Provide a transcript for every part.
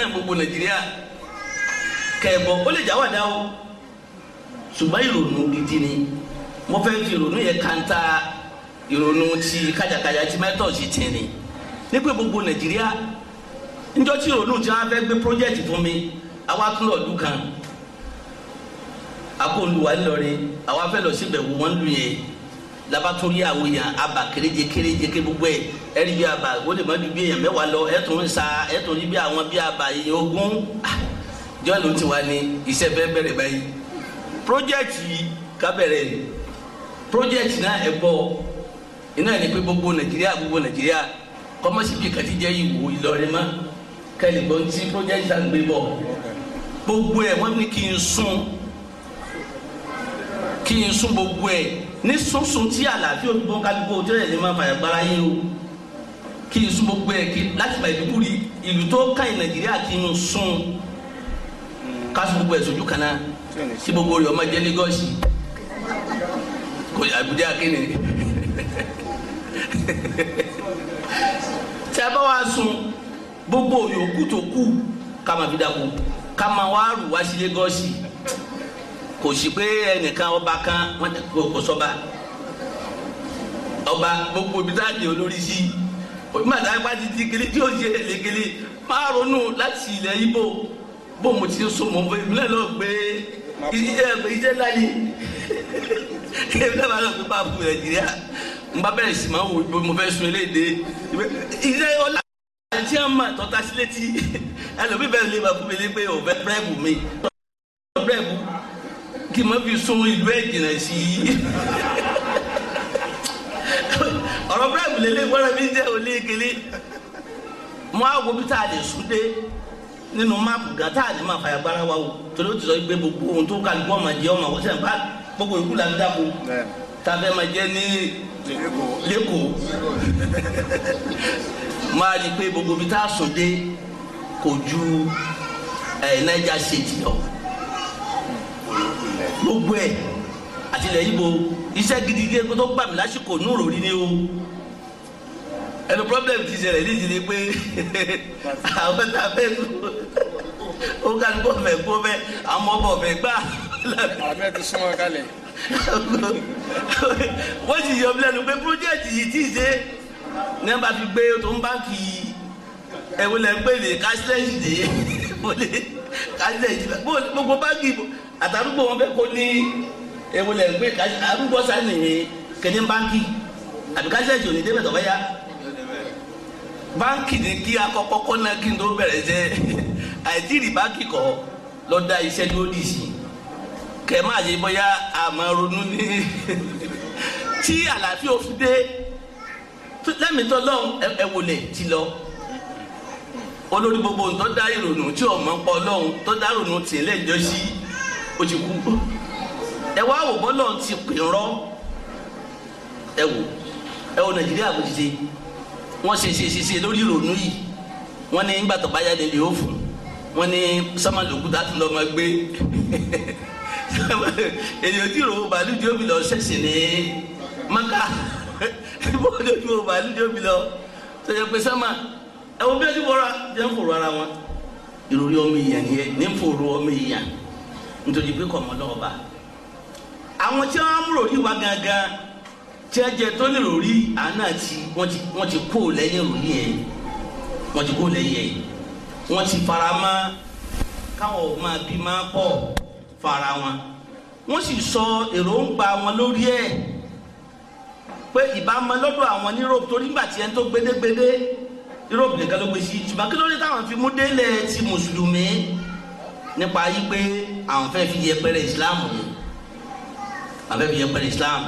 náà gbogbo nigeria kẹbọ ó lè o ṣùgbọ́n ìrònú gidi ni wọ́n fẹ́ fi ìrònú yẹn kanta ìrònú ti kájàkájà ti mẹtọ sí ti ni nígbà gbogbo nigeria níjọ́ ti ìrònú ti wọ́n gbe gbé fún mi àwa tún lọ kan àkóńlù ńlọrin àwa fẹ́ lọ labatoli awo yan aba kereje kereje ke gbogbo yẹ ẹri bi aba o de ma du bi yan mẹ́wàá lọ ẹtun sa ẹtun bi àwọn bi aba yi ogun ah, jọnni ti wa ni iṣẹ́ bẹ́ẹ̀ bẹ̀rẹ̀ ba yi project yi ka bẹ̀rẹ̀ ni project na ẹbọ ina ni pe gbogbo Nàìjíríà gbogbo Nàìjíríà kọmọsi bi kati jẹ iwo Ìlọrin ma kẹlẹ gbọn ti project ta gbe bọ gbogbo yẹ wọ́n ní kí n sùn kí n sùn gbogbo yẹ ní sunsun tí àlàáfíà olùkọ́ kálukú ojú rẹ̀ lè máa fàyà gbára yé o kí n sún gbogbo ẹ̀ kí láti Maiduguri ìlú tó ká ì Nàìjíríà kí n sún ká sún gbogbo ẹ̀ sójú kan náà tí gbogbo rẹ̀ ọmọ jẹ́ Lagos kò yà Àbújá kíni tí a bá wá sun gbogbo yòókù tó kù ká máa fi dàkú ká máa wá rù wá sí Lagos kò sí pé ẹnìkan ọba kan wọn ti kó sọba ọba gbogbo ibi tá a di olórí sí mọ̀tà ipá ti di kele tí o ṣe elekele máa ronú láti ilẹ̀ ibo bó mo ti sọ mọ̀ fún ìbílẹ̀ lọ gbé iṣẹ́ láyé ìbílẹ̀ máa lọ gbé pàpù nàìjíríà n bá bẹ̀rẹ̀ sí máa wò ibi mo fẹ́ sun eléde iṣẹ́ ọlá àti àmà tọ́ta sílẹ̀ tí ẹlòmíbẹ̀rẹ̀ lè máa fún mi lé pé òun fẹ́ bírẹ́bù mi kì má fi sún ìlú ẹ̀ jìnnà sí i ọ̀rọ̀ bíráìbù lélẹ̀ gbọ́dọ̀ mi jẹ́ olé kele mo á wo bí tá a lè sún dé nínú máàpù gan tá a lè máa fàyà gbára wa o torí ó ti sọ pé gbogbo ohun tó kálukú ọmọ jẹ ọmọ wọ́n sẹ́yìn bá gbogbo ìlú la ń dáko tàbí ma jẹ ní lẹ́kọ̀ọ́ máa rí i pé gbogbo bí tá a sùn dé kò ju ẹ̀ náírà ṣèjì lọ gbogbo ẹ̀ àtìlẹ̀ yìí bo iṣẹ́ gidigidi tó gbà mí lásìkò núrò rí ni o ẹnu problem ti ṣẹlẹ̀ ní ìdílé pé àwọn tá a fẹ́ kú ó ká ní kó fẹ́ kó fẹ́ àwọn ọmọ ọ̀fẹ́ gbà. àbẹ́ ti sún wọn kalẹ̀. wọ́n sì yọ mílẹ̀ nu pé project yìí tí ì ṣe ní wọ́n bá fi gbé tó ń báńkì ẹ̀wọ̀n lẹ́ gbé lè kásílẹ̀ yìí dé gbogbo báńkì àtàrúgbó wọn fẹ́ kó ní ewu lẹ̀ ń gbé arúgbó sani kéde báńkì àbí káṣíṣẹ́ ìṣòro ní débẹ̀ tó bá yá báńkì ni kí akọ́kọ́ kọ́ náà kí n tó bẹ̀rẹ̀ ṣe àìtíìrì báńkì kọ́ lọ da iṣẹ́ lódì sí kẹ̀ máa ṣe bóyá àmọ́ ronú ní tí àlàáfíà òfin dé lẹ́mìtọ́ lọ́hùn ẹ̀wòlẹ̀ ti lọ olórí gbogbo ntọ́ da ìrònú tí ọmọ pọ̀ lọ́hùn tọ́ da ìrònú tì lẹ́jọ́ sí ó ti kú ẹ wá wò bọ́lọ̀ ti pè rọ́ ẹ wò ẹ wò nàìjíríà kò ti ṣe wọ́n ṣe ṣe ṣe ṣe lórí ìrònú yìí wọ́n ní gbàtọ̀ báyà lè lè ó fún wọ́n ní sámàlókúta tó lọ́ọ́ máa gbé èyí ojú ìròwò bàálù tí ó bì lọ ṣẹ̀ṣì ní maka ìbọn ojú ìròwò bàálù tí ó bì lọ tó yẹ pé sámà ẹ̀wọ̀n bí ojú bọ́ra jẹ́ ń fòrò ara wọn ìròrí ọmọ èèyàn yẹn ní ń fòrò ọmọ èèyàn nítorí pé kọ̀mọ́ lọ́wọ́ bá àwọn tí wọ́n mú ròrí wa gangan tí tó lè ròrí àná tí wọ́n ti kó lẹ́yìn ròrí yẹn wọ́n ti kó lẹ́yìn yẹn wọ́n ti fara mọ́ káwọn ọmọ bí máa pọ̀ fara wọn wọ́n sì sọ èròǹgbà wọn lórí ẹ̀ pé ìbámu lọ́dọ̀ àwọn ní Europe torí nígbà tí ẹni tó gbédégbédé Europe nìkan ló gbé sí ṣùgbọ́n kí ló dé táwọn fi mú délẹ̀ ti mùsùlùmí nípa yí pé àwọn fẹ́ fi yẹpẹrẹ islam ni àwọn fẹ́ fi yẹpẹrẹ islam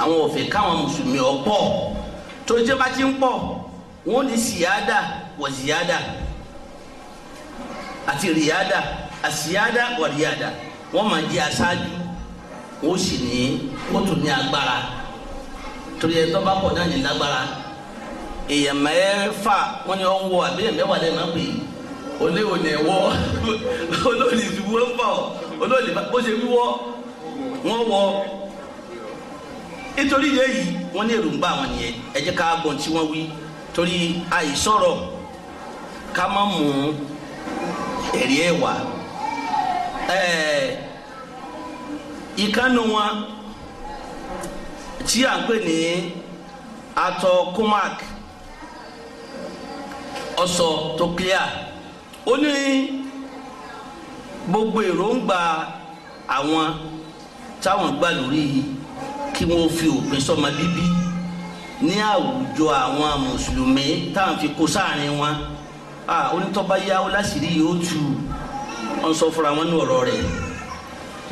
àwọn ò fẹ́ káwọn mùsùlùmí ọ̀pọ̀ tó jẹ́ bá ti ń pọ̀ wọ́n ní síyáda wọ̀ síyáda àti ríyáda àsíyáda wọ̀ ríyáda wọ́n máa jẹ́ aṣáájú wọ́n sì ní wọ́n tún ní agbára torí ẹ̀ tó bá pọ̀ náà ní lágbára èèyàn mẹ́fà wọ́n ní ọ̀ ń wọ àbí ẹ̀ mẹ́wàá lẹ́ẹ̀ máa pè é. olè òní ẹ̀wọ́ olóòlì ìdúgbò ń bọ̀ olóòlì bó ṣe wíwọ́ wọ́n wọ́ nítorí ilé yìí wọ́n ní èròǹgbà àwọn nìyẹn ẹ jẹ́ ká tí wọ́n wí torí àìsọ̀rọ̀ ká má mú ẹ̀rí ẹ̀ wá wọn tí à ń pè ní atọ kumak ọsọ tó clear. ó ní gbogbo èròǹgbà àwọn táwọn gbà lórí kí wọ́n fi òpin sọ́mọ bíbí ní àwùjọ àwọn mùsùlùmí táwọn fi kó sáàrin wọn onítọ́ba yáwó láṣìírí yóò tu ọ̀n sọ fúnra wọn ní ọ̀rọ̀ rẹ̀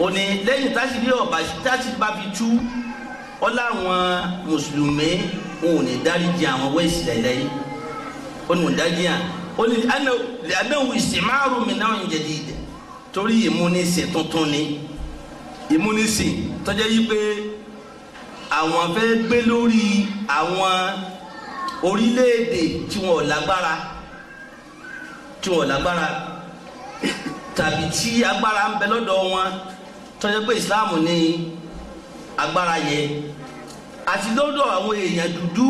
òní lẹ́yìn táṣìírí ọ̀bà táṣìírí bá fi tú ọ láwọn mùsùlùmí wọn ò ní dáríji àwọn wẹ́ẹ̀sì lẹ́lẹ́yìn ó ní wọn dáríji àwọn ó ní anáwó ìsìmáàrú mi náà ń jẹ̀dí ìdẹ̀ torí ìmúnisìn tuntun ni ìmúnisìn tọ́jọ́ yí pé àwọn fẹ́ gbé lórí àwọn orílẹ̀-èdè tí wọn ò lágbára tí wọn ò lágbára tàbí tí agbára ń bẹ lọ́dọ̀ wọn tọ́jọ́ pé ìsìláàmù ni agbára yẹ àti lọ́dọ̀ àwọn èèyàn dúdú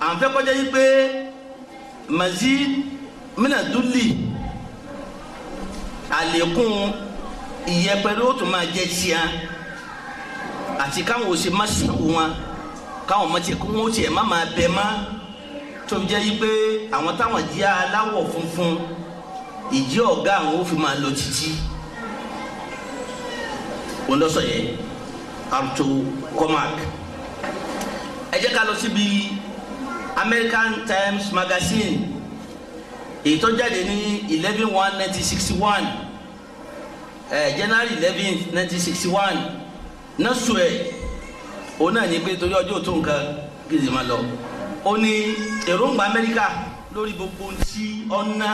à ń fẹ́ kọjá yí pé mazid mina dúlì àlékún ìyẹpẹrẹ ó tún máa jẹ tíya àti káwọn ò ṣe má sùn wọn káwọn ọmọ tiẹ kó wọn tiẹ má máa bẹ má tó jẹ yí pé àwọn táwọn jẹ aláwọ̀ funfun ìjì ọ̀gá àwọn ò fi máa lọ títí wọn lọ sọ yẹ arto comac ẹ jẹ́ ká lọ síbi American Times Magazine èyí tó jáde ní eleven one nineteen sixty one eh, january eleven nineteen sixty one náà sùn ẹ̀ òun náà ní pé torí ọjọ́ tó nǹkan kí n sì máa lọ ó ní èròǹgbà amẹ́ríkà lórí gbogbo tí ọ̀nà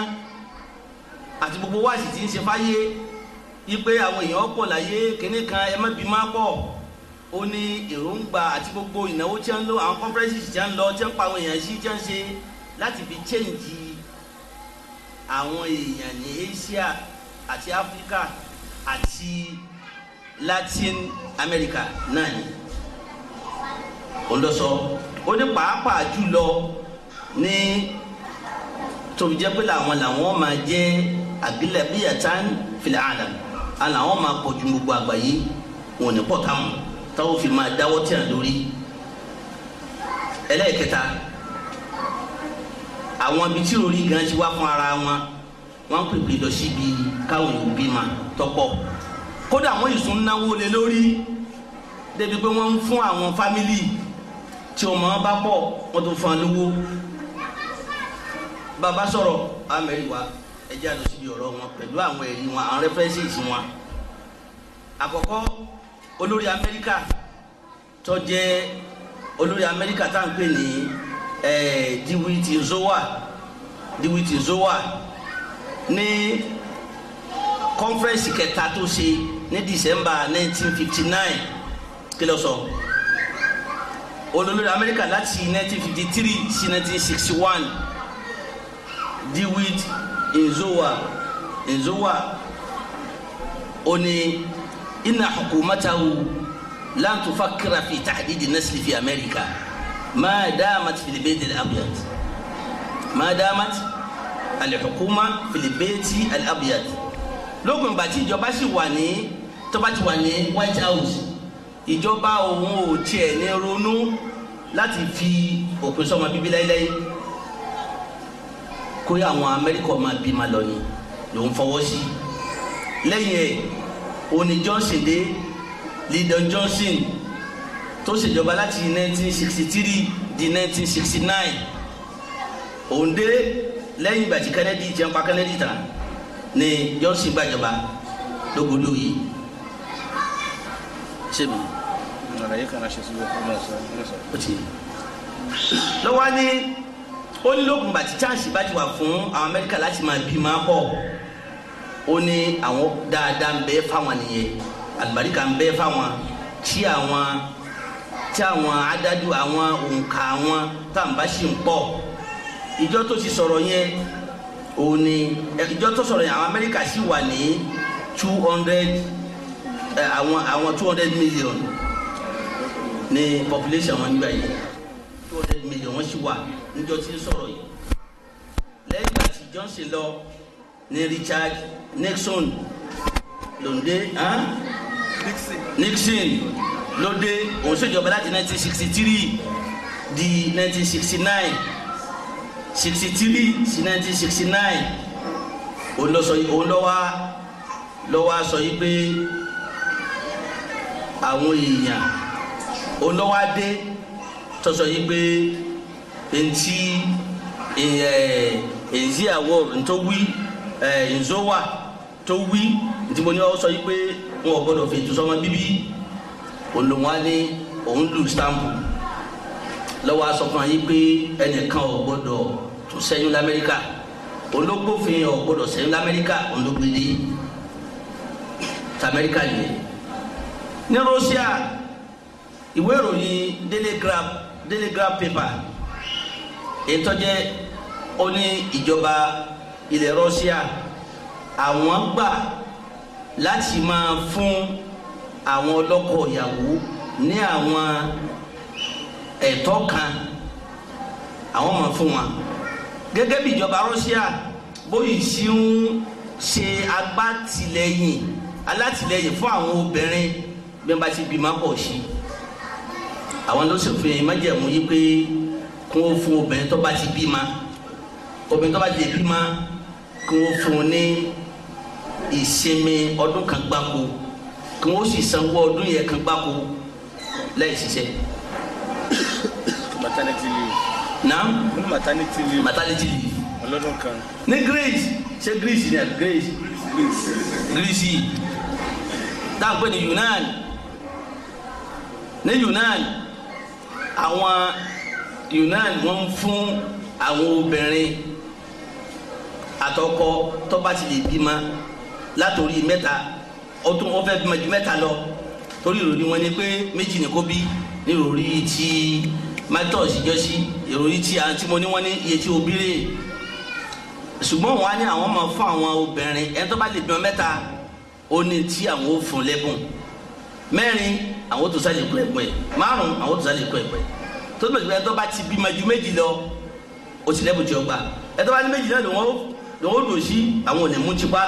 àti gbogbo wáàsì tí ń ṣe fáyé ipe àwọn èèyàn pọ̀ láyé kínní kan ẹ má bí má pọ̀ ó ní èròǹgbà àti gbogbo ìnáwó tí wọ́n ń lò àwọn conferences tí wọ́n ń lọ tí wọ́n pa àwọn èèyàn sí tí wọ́n ń ṣe láti fi change àwọn èèyàn ní Asia àti Africa àti Latin America náà ni òun lọ sọ ó ní pàápàá jùlọ ní tóbi jẹ́ pé làwọn làwọn máa jẹ́ àgbélẹ̀bíyàtán fìlà àdàm àlàwọn máa pọ̀ ju gbogbo àgbáyé wọn ò ní pọ̀ táwọn táwọn fi máa dáwọ́ tíyàn lórí ẹlẹ́ẹ̀kẹta àwọn ibi tí orí gan ti wá fún ara wọn wọn pèpè lọ síbi káwọn yòó bímọ tọpọ kódà wọn yìí tún náwó lé lórí débi pé wọn ń fún àwọn fámìlì tí ọmọ bá pọ̀ wọn tó fún alówó bàbá sọ̀rọ̀ amẹríwá ẹjẹ àlọ síbi ọ̀rọ̀ wọn pẹ̀lú àwọn ẹ̀rí wọn àwọn rẹfẹrẹsìs wọn àkọ́kọ́ olórí Amẹ́ríkà tó jẹ́ olórí Amẹ́ríkà tá à ń pè ní eh, Diwiti Zowa Diwiti Zowa ní kọ́nfẹ́rẹ́nsì kẹta tó ṣe ní dísẹ́mbà 1959 kí ló sọ olórí Amẹ́ríkà láti 1953 sí 1961 Diwiti Nzowa Nzowa ó ní inna hukumatahu lan tufakkira fi tahdidi fi Amẹ́ríkà. ما دامت في البيت الأبيض ما دامت الحكومة في البيت الأبيض lókun ìgbà tí ìjọba sì wà ní tó bá ti wà ní White House ìjọba òun ò tiẹ̀ ní ronú láti fi òpin sọmọ bíbí láéláé kó àwọn Amẹ́ríkà máa bí ma lọ ni lòun fọwọ́ sí lẹ́yìn ẹ̀ òní Johnson dé Lyndon Johnson tó ṣèjọba láti 1963 di 1969 òǹdé lẹ́yìn ìgbà tí Kennedy jẹun pa Kennedy tán ni Johnson gbàjọba lógodó yìí ṣé mi. àlàyé kan ṣe sí ọmọ ọ̀sán lọ́wọ́ ní ó ní lókun bàtí chance bá ti wà fún àwọn Amẹ́ríkà láti máa bí máa pọ̀ ó ní àwọn dáadáa ń bẹ fáwọn nìyẹn àlùbáríkà ń bẹ fáwọn tí àwọn tí àwọn adájú àwọn òǹkà àwọn tàǹbá sì ń pọ̀ ìjọ tó ti sọ̀rọ̀ yẹn òun ni ìjọ tó sọ̀rọ̀ yẹn àwọn Amẹ́ríkà sì wà ní two hundred àwọn àwọn two hundred million ní population wọn nígbà yìí two hundred million wọn sì wà níjọ tí ń sọ̀rọ̀ yìí lẹ́yìn ìgbà tí Johnson lọ ní Richard Nixon lòdì Nixon ló dé òun ṣèjọba láti 1963 di 1969 63 sí 1969 òun lọ sọ òun lọ wá lọ wá sọ yìí pé àwọn èèyàn òun lọ wá dé tó sọ yìí pé ntí nzi àwọ ntọ́wí nzọ́wà tó wí ntí mo ní wá sọ yìí pé wọn ò gbọdọ̀ fètò sọmọ bíbí olùwọ́n á ní òun lù stampu lọ́wọ́ aṣọ fún yín pé ẹnìkan ò gbọ́dọ̀ tún sẹ́yìn lamẹ́ríkà olókòfin ò gbọ́dọ̀ sẹ́yìn lamẹ́ríkà olókìlì tamẹ́ríkà yìí ní Russia ìwé ìròyìn telegraph telegraph paper ètò jẹ́ ó ní ìjọba ilẹ̀ Russia àwọn gbà láti máa fún àwọn ọlọ́kọ ìyàwó ní àwọn ẹ̀tọ́ kan àwọn máa fún wọn gẹ́gẹ́ bí ìjọba Russia bóyì sí ń ṣe agbátìlẹ́yìn alátìlẹ́yìn fún àwọn obìnrin bí wọ́n bá ti bímọ pọ̀ sí àwọn ló ṣòfin májẹ̀mú yí pé kí wọ́n fún obìnrin tó bá ti bímọ obìnrin tó bá ti bímọ kí wọ́n fún un ní ìsinmi ọdún kan gbáko kí wọ́n sì sanwó ọdún yẹn kan gbáko láì ṣiṣẹ́. maternity leave. na maternity leave. maternity leave. ọlọ́dún kan. ní Greece ṣé Greece ni àbí Greece. Greece dáńpẹ́ ní Yunan ní Yunan àwọn Yunan wọ́n fún àwọn obìnrin àtọkọ tó ti lè bímọ látòrí mẹ́ta ó tún ó fẹ́ bímọ ju mẹ́ta lọ torí ìròyìn wọn ni pé méjì ni kó bí ní ìròyìn tí matos jọ sí ìròyìn tí àwọn tí mo ní wọn ní iye tí obì rè ṣùgbọ́n wọn á ní àwọn máa fún àwọn obìnrin ẹni tó bá lè bímọ mẹ́ta ó ní tí àwọn ò fún lẹ́bùn mẹ́rin àwọn tó sáré kú ẹ̀gbọ́n ẹ̀ márùn-ún àwọn tó sáré kú ẹ̀gbọ́n tó tó tó bá ti bímọ ju méjì lọ ó ti lẹ́bùn tí ó gbà ẹ̀ tó bá ní méjì náà lòun ó lòun ó lò sí àwọn ò ní mú tipa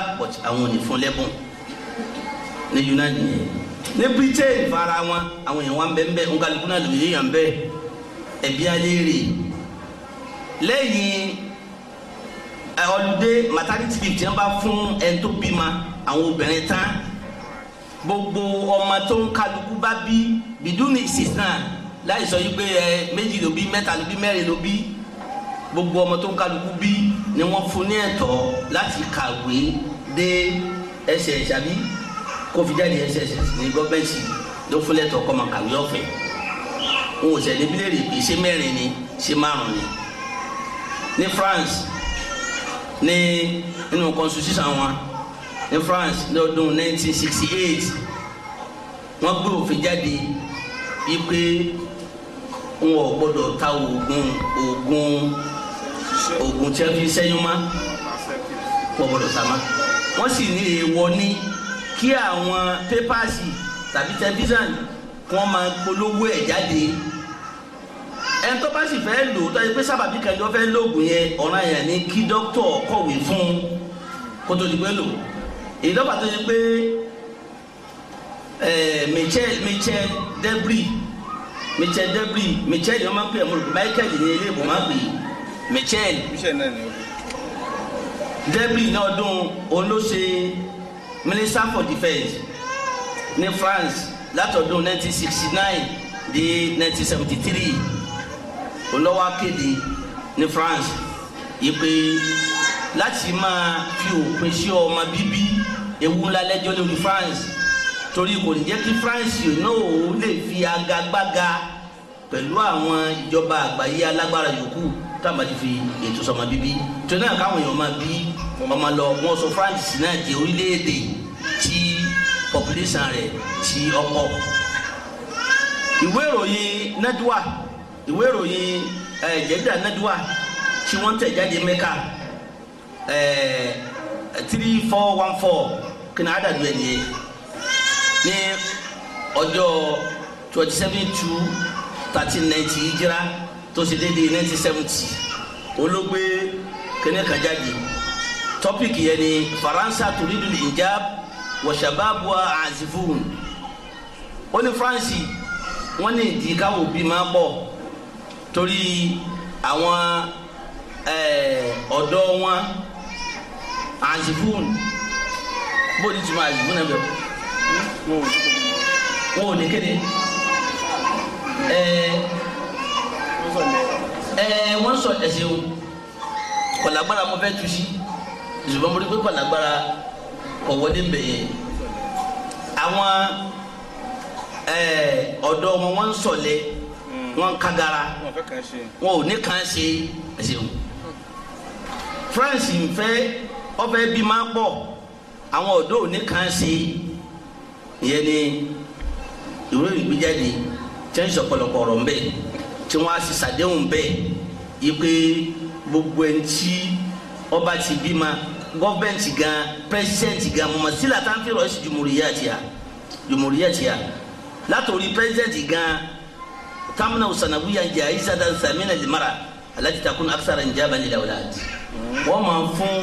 àwọn ò ní fún lẹ́bùn ní United yẹn ní Britain fara wọn àwọn èèyàn wa ń bẹ ń bẹ nkàlùkù náà lòdì èèyàn bẹ ẹbí aléèrè lẹ́yìn ọlùdé maternity leave tí wọn bá fún ẹni tó bímọ àwọn obìnrin tán gbogbo ọmọ tó ń kàlùkù bá bí bìdúnì sísan láì sọ yìí pé ẹ méjì ló bí mẹ́ta ló bí mẹ́rin ló bí gbogbo ọmọ tó ń kálukú bí ni wọ́n fún ní ẹ̀tọ́ láti kàwé dé ẹsẹ̀ ìṣàbí kó fi ní gọ́ọ̀mẹ̀ntì ló fúnlẹ̀ tọ́ kọ́mọ kàwé ọ̀fẹ́ n ò sẹ́ni bílẹ̀rì pé ṣé mẹ́rin ni ṣé márùn ni ní France ní nínú constitution wọn ní France lọ́dún 1968 wọ́n gbé òfin jáde yìí pé n ò gbọ́dọ̀ ta oògùn oògùn oògùn tí wọ́n fi sẹ́yìn mọ́ pọ̀ gbọ́dọ̀ ta ma sì ní èèwọ̀ ní kí àwọn pépàsì tàbí tẹlifíṣàn kí wọ́n máa polówó ẹ̀ jáde ẹni tó bá sì fẹ́ lò ó tọ́jú pé sábàbí kan ni wọ́n fẹ́ lóògùn yẹn ọ̀ràn yẹn ni kí dókítà kọ̀wé fún kó tó di pé lò èyí lọ́pàá tó di pé Michel Debris Michel Debris Michel yẹn máa ń pè é mo rò pé Michael ní ilé ìbò máa ń pè é Michel Debris náà dún olóṣèlú minister for defence ní France látọdún 1969 di 1973 olówó akéde ní France yìí pé láti máa fi òpin sí ọmọ bíbí ewu ńlá lẹ́jọ́ lórí France torí kò ní jẹ́ kí France náà ó lè fi agagbága pẹ̀lú àwọn ìjọba àgbáyé alágbára yòókù táwọn ti fi ètò sọmọ bíbí tó náà káwọn èèyàn máa bí wọ́n máa lọ wọ́n sọ France náà di orílẹ̀-èdè tí population rẹ̀ ti ọkọ̀. ìwé ìròyìn Nadwa ìwé ìròyìn eh, jẹ́dá Nadwa tí wọ́n tẹ̀ jáde Mẹ́kà eh, three four one four kí ni àdàdú ẹ̀ nìyẹn ní ọjọ́ twenty seven two thirteen ninety ìjìrá tó ṣe déédéé nineteen seventy olóògbé kẹ́nẹ́kà jáde topic yẹn ni faransa turidul injab wa shababu wa azifun o ní france wọ́n ní ìdí káwọn òbí máa pọ̀ torí àwọn eh, ọ̀dọ́ wọn azifun bó ni tuma azifun náà bẹ̀ wọn ò ní kéde eh, eh, wọ́n sọ ẹ̀sìn kọ̀lágbára mo fẹ́ tu sí ìṣùgbọ́n mo rí pé pàlágbára ọ̀wọ́ ní bẹ̀ yẹn àwọn ọ̀dọ́ wọn wọ́n ń sọ̀lẹ̀ hmm. wọ́n ń kagara wọn ò ní kàn ṣe ẹ̀sìn France nfẹ́ ọbẹ̀ bí máa pọ̀ àwọn ọ̀dọ́ ò ní kàn ṣe ìyẹn ni ìwé ìgbéjáde tí wọ́n ń sọ̀pọ̀lọpọ̀ ọ̀rọ̀ ń bẹ̀ tí wọ́n á sì ṣàdéhùn bẹ́ẹ̀ yí pé gbogbo ẹni tí ọba ti bímọ gọọmenti gan pẹsidẹnti gan mọmọ sílà tá n fi rọsí jùmùrìyà tìyà jùmùrìyà tìyà látòrí pẹsidẹnti gan tamina osanabuya njẹ ayisa dan samina limara alati takun akisara njẹ abani lawula wọn máa fún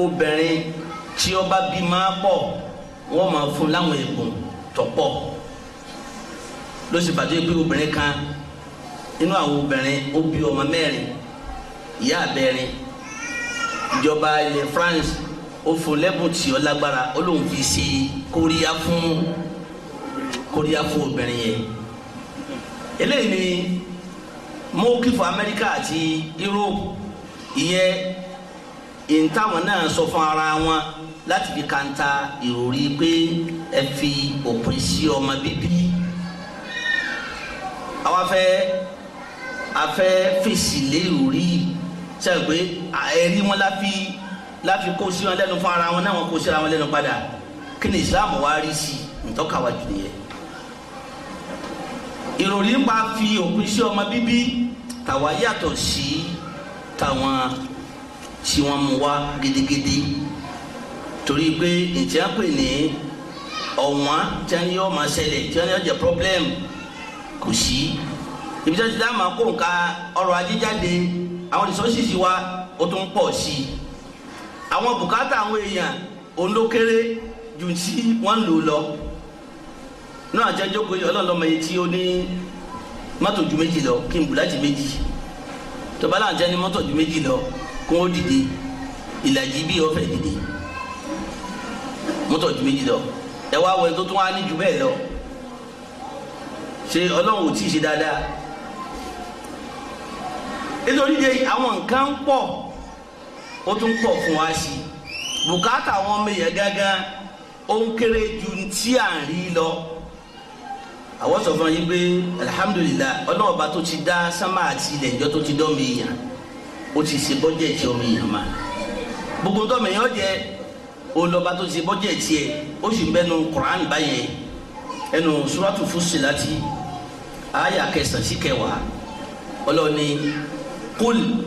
obìnrin tí ó bá bí máa pọ̀ wọn máa fún láwọn ẹ̀bùn tó pọ̀ ló sì bàtọ́ pé obìnrin kan inú àwọn obìnrin ó bí ọmọ mẹ́rin ìyá abẹ́rin ìjọba ilẹ̀ France ó fún lẹ́bùn tí ó lágbára ó lóun fi ṣe kóríyá fún kóríyá fún obìnrin yẹn eléyìí ni mọ́ọ́kì fún Amẹ́ríkà àti Europe ìyẹn ìntàwọn náà sọ fún ara wọn láti fi kanta ìròrí pé ẹ fi òpin sí ọmọ bíbí àwa fẹ́ afẹ́ fèsì lé ìròrí yìí ṣe é pé ẹ̀rí wọn láfi láfi kó sí wọn lẹ́nu fún ara wọn náà wọn kó síra wọn lẹ́nu padà kí ni islam wá rí sí ntọ́kàwá jù nìyẹn. ìròrí ń pa fi òpin sí ọmọ bíbí tàwa yàtọ̀ sí tàwọn tí wọ́n mú wá gidigidi torí pé ǹjẹ́ pè ní ọ̀wọ́n tí wọ́n yọ máa ṣẹlẹ̀ tí wọ́n yọ jẹ́ problem kò sí ibi tí wọ́n ti dá máa kó nǹkan ọrọ̀ ajé jáde àwọn resources wa ó tún pọ̀ sí i àwọn bùkátà àwọn èèyàn òun ló kéré ju tí wọ́n ń lò lọ náà jẹ́jọ́ pé ọlọ́ọ̀lọ́mọ yìí tí ó ní mọ́tò ju méjì lọ kí n bùlájì méjì tọ́ba láwọn jẹ́ ní mọ́tò ju méjì lọ kó o dìde ìlàjì bí ọ̀fẹ́ dìde mọ́tò ju méjì lọ ẹ wá wọ ẹ tó tún wá ní ju bẹ́ẹ̀ lọ ṣe ọlọ́run ò tí ì ṣe dáadáa nítorí de àwọn nǹkan ń pọ̀ ó tún pọ̀ fún wa sí i bùkátà àwọn ọmọ yẹn gángan ó ń kéré ju tí à ń rí lọ àwọn sọ fún yín pé alihamudulilayi ọlọ́ọ̀ba tó ti dá sánmà àti ilẹ̀ ìjọ tó ti dán mi yàn ó ti ṣe bọ́jẹ̀tì ọmọ èèyàn mà gbogbo tọ́mọ èèyàn jẹ olọba tó ṣe bọ́jẹ̀tì ẹ ó sì ń bẹnu Quran báyẹn ẹnu suratu Fusilati àyà kẹsàn-án sí kẹwàá ọlọ́ọ̀ni قل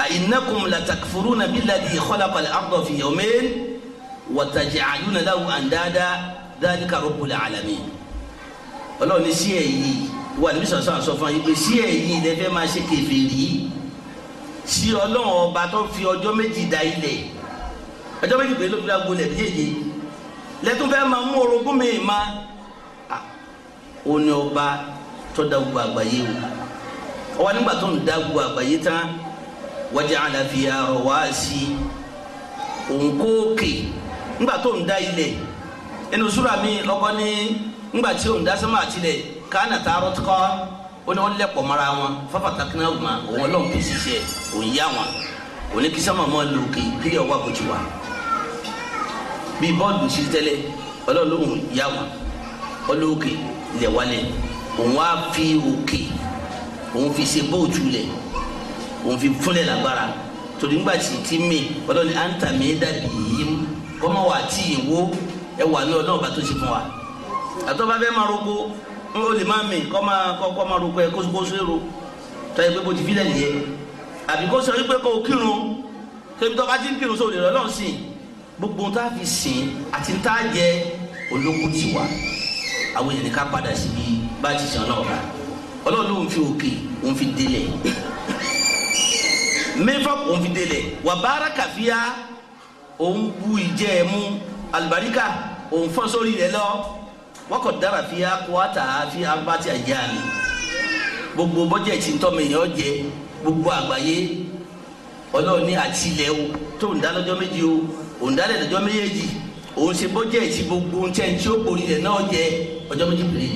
أئنكم لتكفرون بالذي خلق الأرض في يومين وتجعلون له أندادا ذلك رب العالمين Ọlọ́run ní sí ẹ̀yin wà níbi sọsọ àsọfún yín pé sí ẹ̀yin lè fẹ́ máa ṣe kèfèrí sí Ọlọ́run ọba tó fi ọjọ́ méjì dá ilẹ̀ ọjọ́ méjì pé ló fi dáa gbolẹ bí èyí lẹtún fẹ́ máa mú orogún mi ma ó ní ọba tó dá gbogbo o. ọwọ́ nígbà tó ń da àgbáyé tán waja'ala fiha rawasi òun kóòkè nígbà tó ń da ilẹ̀ inú súra mi lọ́kọ́ ní nígbà tí òun ó ní wọ́n wọn fáfatakínà ọ̀gbọ̀n òun ọlọ́run kì í ṣiṣẹ́ òun yá wọn òun ní kí mọ́ lò kì í kí ọwọ́ àbójú wa bí bọ́ọ̀lù tẹ́lẹ̀ yá wọn wálẹ̀ òun òun fi ṣe bóòtù lẹ̀ òun fi fúnlẹ̀ lágbára torí ńgbà tí tí mi ọlọ́ni à ń tà mí dàbí yìí kọ́mọ wà tí ì wó ẹ wà ní ọlọ́run bá tó ṣe fún wa àtọ́ba fẹ́ máa roko ó lè má mi kọ́ máa kọ́ máa roko ẹ kóṣokóṣo èrò tọ́yẹ pé bó ti fílẹ̀ nìyẹn àbí kó sọ wípé kó o kírun kébi tó bá ti ń kírun sóò lè rọ́ lọ́run sìn tá a fi sìn àti tá a jẹ olókùn tiwa àwọn ènìyàn ká padà síbi bá a ti sìn ọlọ́run bá ọlọ́run ló ń fi òkè òun fi délẹ̀ mẹ́fà òun fi délẹ̀ wà bára kàfíà òun bu ìjẹ́ ẹ̀ mú alibarika òun fọ́n sórí rẹ̀ lọ wọ́kọ̀ dára fíà kọ́ta fíà bàtì àjà mi gbogbo bọ́jẹ̀ tí ń tọ́ mi yàn ọ́ jẹ gbogbo àgbáyé ọlọ́run ní àtìlẹ̀ o tó ń dá lọ́jọ́ méjì o òun dálẹ̀ lọ́jọ́ méjèèjì òun ṣe bọ́jẹ̀ tí gbogbo ń tẹ́ ń tí ó borí rẹ̀ náà jẹ ọjọ́ méjì péré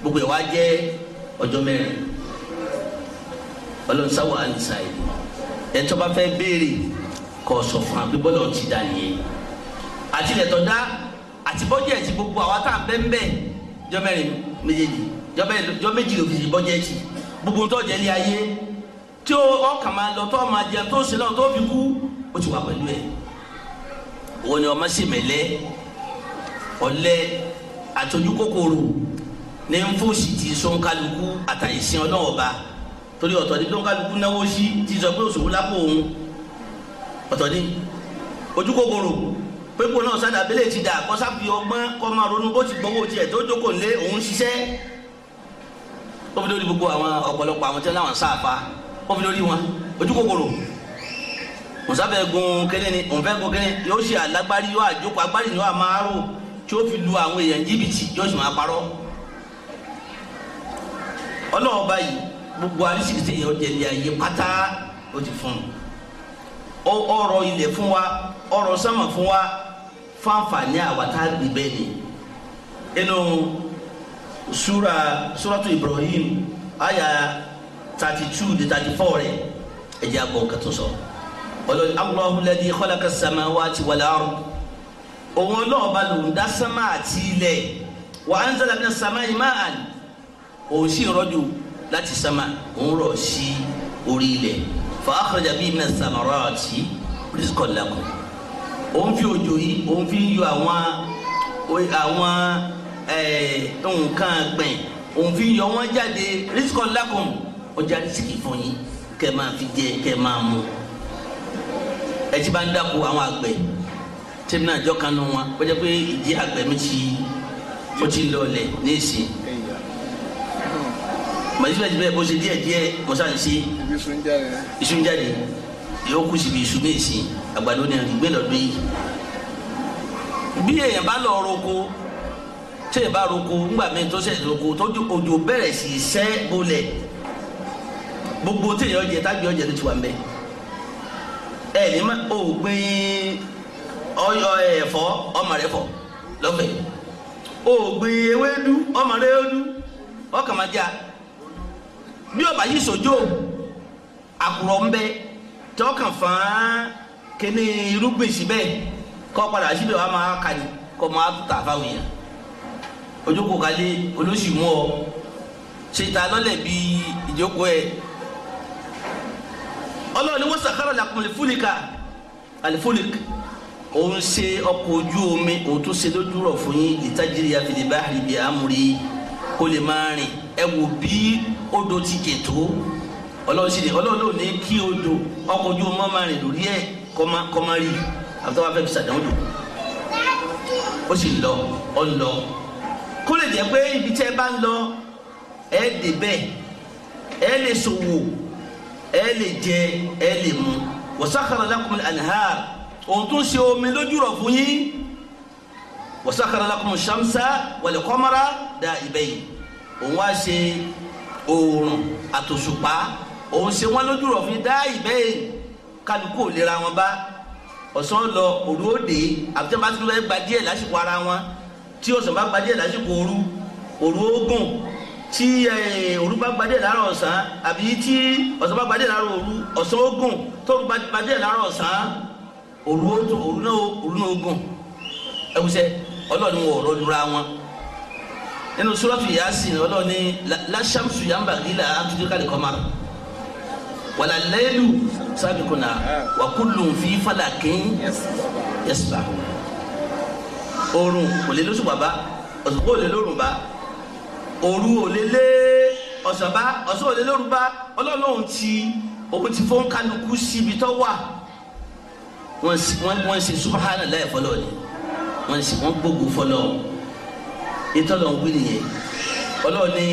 gbogbo ẹ̀ wá jẹ́ ọjọ́ mẹ́rin ọlọ́run sáwọ́ àlìsà yìí ẹ̀ tó bá fẹ́ béèrè kọ́ sọ fún àbí bọ́lá ọtí dà nìyẹn àti ìlẹ̀tọ̀ dá àti bọ́jẹ̀tì gbogbo àwa tá à ń bẹ́ ńbẹ́ jọ mẹ́rin méjèèjì jọ méjì ló fi ṣe bọ́jẹ̀tì gbogbo tó jẹ́ ilé ayé tí ọkàn máa lọ tó máa jẹun tó ṣe tó fi kú ó ti wà pẹ̀lú ẹ̀ òun ni ọmọ sì mẹ́lẹ́ ọ̀lẹ kòkòrò ní nfòsì ti sọ̀nkálukú àtàyèsìn ọlọ́wọ́ ba torí ọ̀tọ̀ ní sọ̀nkálukú náwó sí ti sọ pé òṣòwò lápò òun ọ̀tọ̀ ní ojú kòkòrò pépò náà sádà abẹ́lẹ̀ ti dà kọ́sáfì ọgbọ́n kọ́ máa ronú bó ti gbowó tiẹ̀ tó jókòó lé òun ṣiṣẹ́ ó fi lórí gbogbo àwọn ọ̀pọ̀lọpọ̀ àwọn tí wọ́n láwọn sáàpá ó fi lórí wọn ojú kòkòrò mùsàfẹ́ gun kẹ́lẹ́ ni òun fẹ́ gun kẹ́lẹ́ yóò ṣe alágbárí yóò àjókòó agbárí yóò máa tí ó fi lu àwọn èèyàn jìbìtì yóò sì máa parọ́ ọlọ́run báyìí gbogbo arísìkìsì yẹn ọjà ilé ayé pátá ó ti fún un ọrọ̀ ilẹ̀ fún wa ọrọ̀ sánmà fún wa fáǹfààní àwàtá gbígbẹ́ ni inú sura suratu Ibrahim aya thirty two di thirty four rẹ̀ ẹ̀jẹ̀ àgbọ̀n kẹtù sọ ọlọ́ni Allahu ladhi khalaqa samawati wal ard òun ọlọ́ọ̀ba lòun dá sánmà àti ilẹ̀ wa anzala minas samai ma'an òun sì rọ̀jò láti sama òun sí orí ilẹ̀ fa akhraja bihi mina samarati rizqan lakum òun fi òjò yìí òun fi yọ àwọn àwọn nǹkan gbìn òun fi yọ wọn jáde rizqan lakum ọjà rìsíkì fún yín kẹ́ máa fi jẹ kẹ́ máa mu ẹ ti bá ń dáko àwọn àgbẹ̀ tẹ́mi náà wọn ó pé ìdí àgbẹ̀ mi ti ó ti lọlẹ̀ ní ìsìn màá síbẹ̀ e ji ṣe díẹ̀ díẹ̀ mo sá ń ṣe iṣu ń jáde yóò kù síbi iṣu ní ìsìn àgbàdo ní ẹ̀rí gbé lọ́dún yìí bí bá lọ roko tí èèyàn bá roko ńgbà míì tó gbogbo ẹ ní ma ò gbin ọyọ ẹ̀fọ́ ọmọ rẹ fọ bí ọba yìí sojo àkùrọ̀ ń bẹ tí wọ́n kàn fún kíní irúgbìn síbẹ̀ kọ́ padà síbẹ̀ wàá máa kàdí kọ́ máa tà fáwọn èèyàn ojúkò kalẹ̀ olóṣì mú ọ ṣètà lọ́lẹ̀ bí ìjókòó ẹ ọlọ́run ni wọ́n sàkárọ̀ làkùn àlìfúnìkà àlìfúnìkà òun ṣe ọkọ̀ ojú omi òun tún ṣe lójú rọ̀ fún yín ìtajìrì àfìlẹ̀ bá àríbi kó lè máa rìn ẹ wò bí odò ti jètò ọlọ́run sì dé ọlọ́run ló ní kí odò ọkọ̀ ojú ọmọ máa rìn lórí ẹ̀ kọ́má rí àbúrò wa fẹ́ fi sàdánwó dò ó sì lọ ọ lọ kó lè jẹ́ pé ibi tí ẹ bá ń lọ ẹ dé bẹ́ẹ̀ ẹ lè ṣòwò ẹ lè jẹ ẹ lè mu wasakhara lakum al-anhar òun tún ṣe omi lójú rọ̀ fún yín wasakhara lakum ash-shamsa wal-qamara da'ibayn òun wá ṣe oòrùn àtòṣùpá òun ṣe wọn lójú rọ̀ fi dá ìbẹ́ẹ̀ kálukú ò lera wọn bá ọ̀sán lọ òru òde àbúté bá ti lọ gba díẹ̀ lásìkò ara wọn tí ọ̀sán bá gba díẹ̀ lásìkò òru òru ogun tí eh, òru bá gba díẹ̀ lára ọ̀sán àbí tí ọ̀sán bá gba díẹ̀ lára òru ọ̀sán ogun tó gba díẹ̀ lára ọ̀sán òru náà ogun ẹ̀wùsẹ̀ ọlọ́ọ̀ni wọn ò rọ́ọ̀dúnra wọn nínú sọ́lọ́tù yaasin ọlọ́ọ̀ni láṣàmùsù yamba gíla àtúndì kálí kọ́má wàlà lẹ́lù sábìkúnà wà kúlùn fi falakin yẹsùbà oorun kò lè lóṣù bàbá ọ̀sùnkò lè lórun bá ooru ò lè lé ọ̀sán bá ò lè lórun bá ọlọ́ọ̀lọ́hún ti òun ti fọ́n kálukú síbi tó wà wọ́n ṣe subahana láì fọlọ́ọ̀ni wọ́n ṣe wọ́n gbógun fọlọ́ọ̀ni ìtọ́lọ̀ ń wí nìyẹn ọlọ́run ní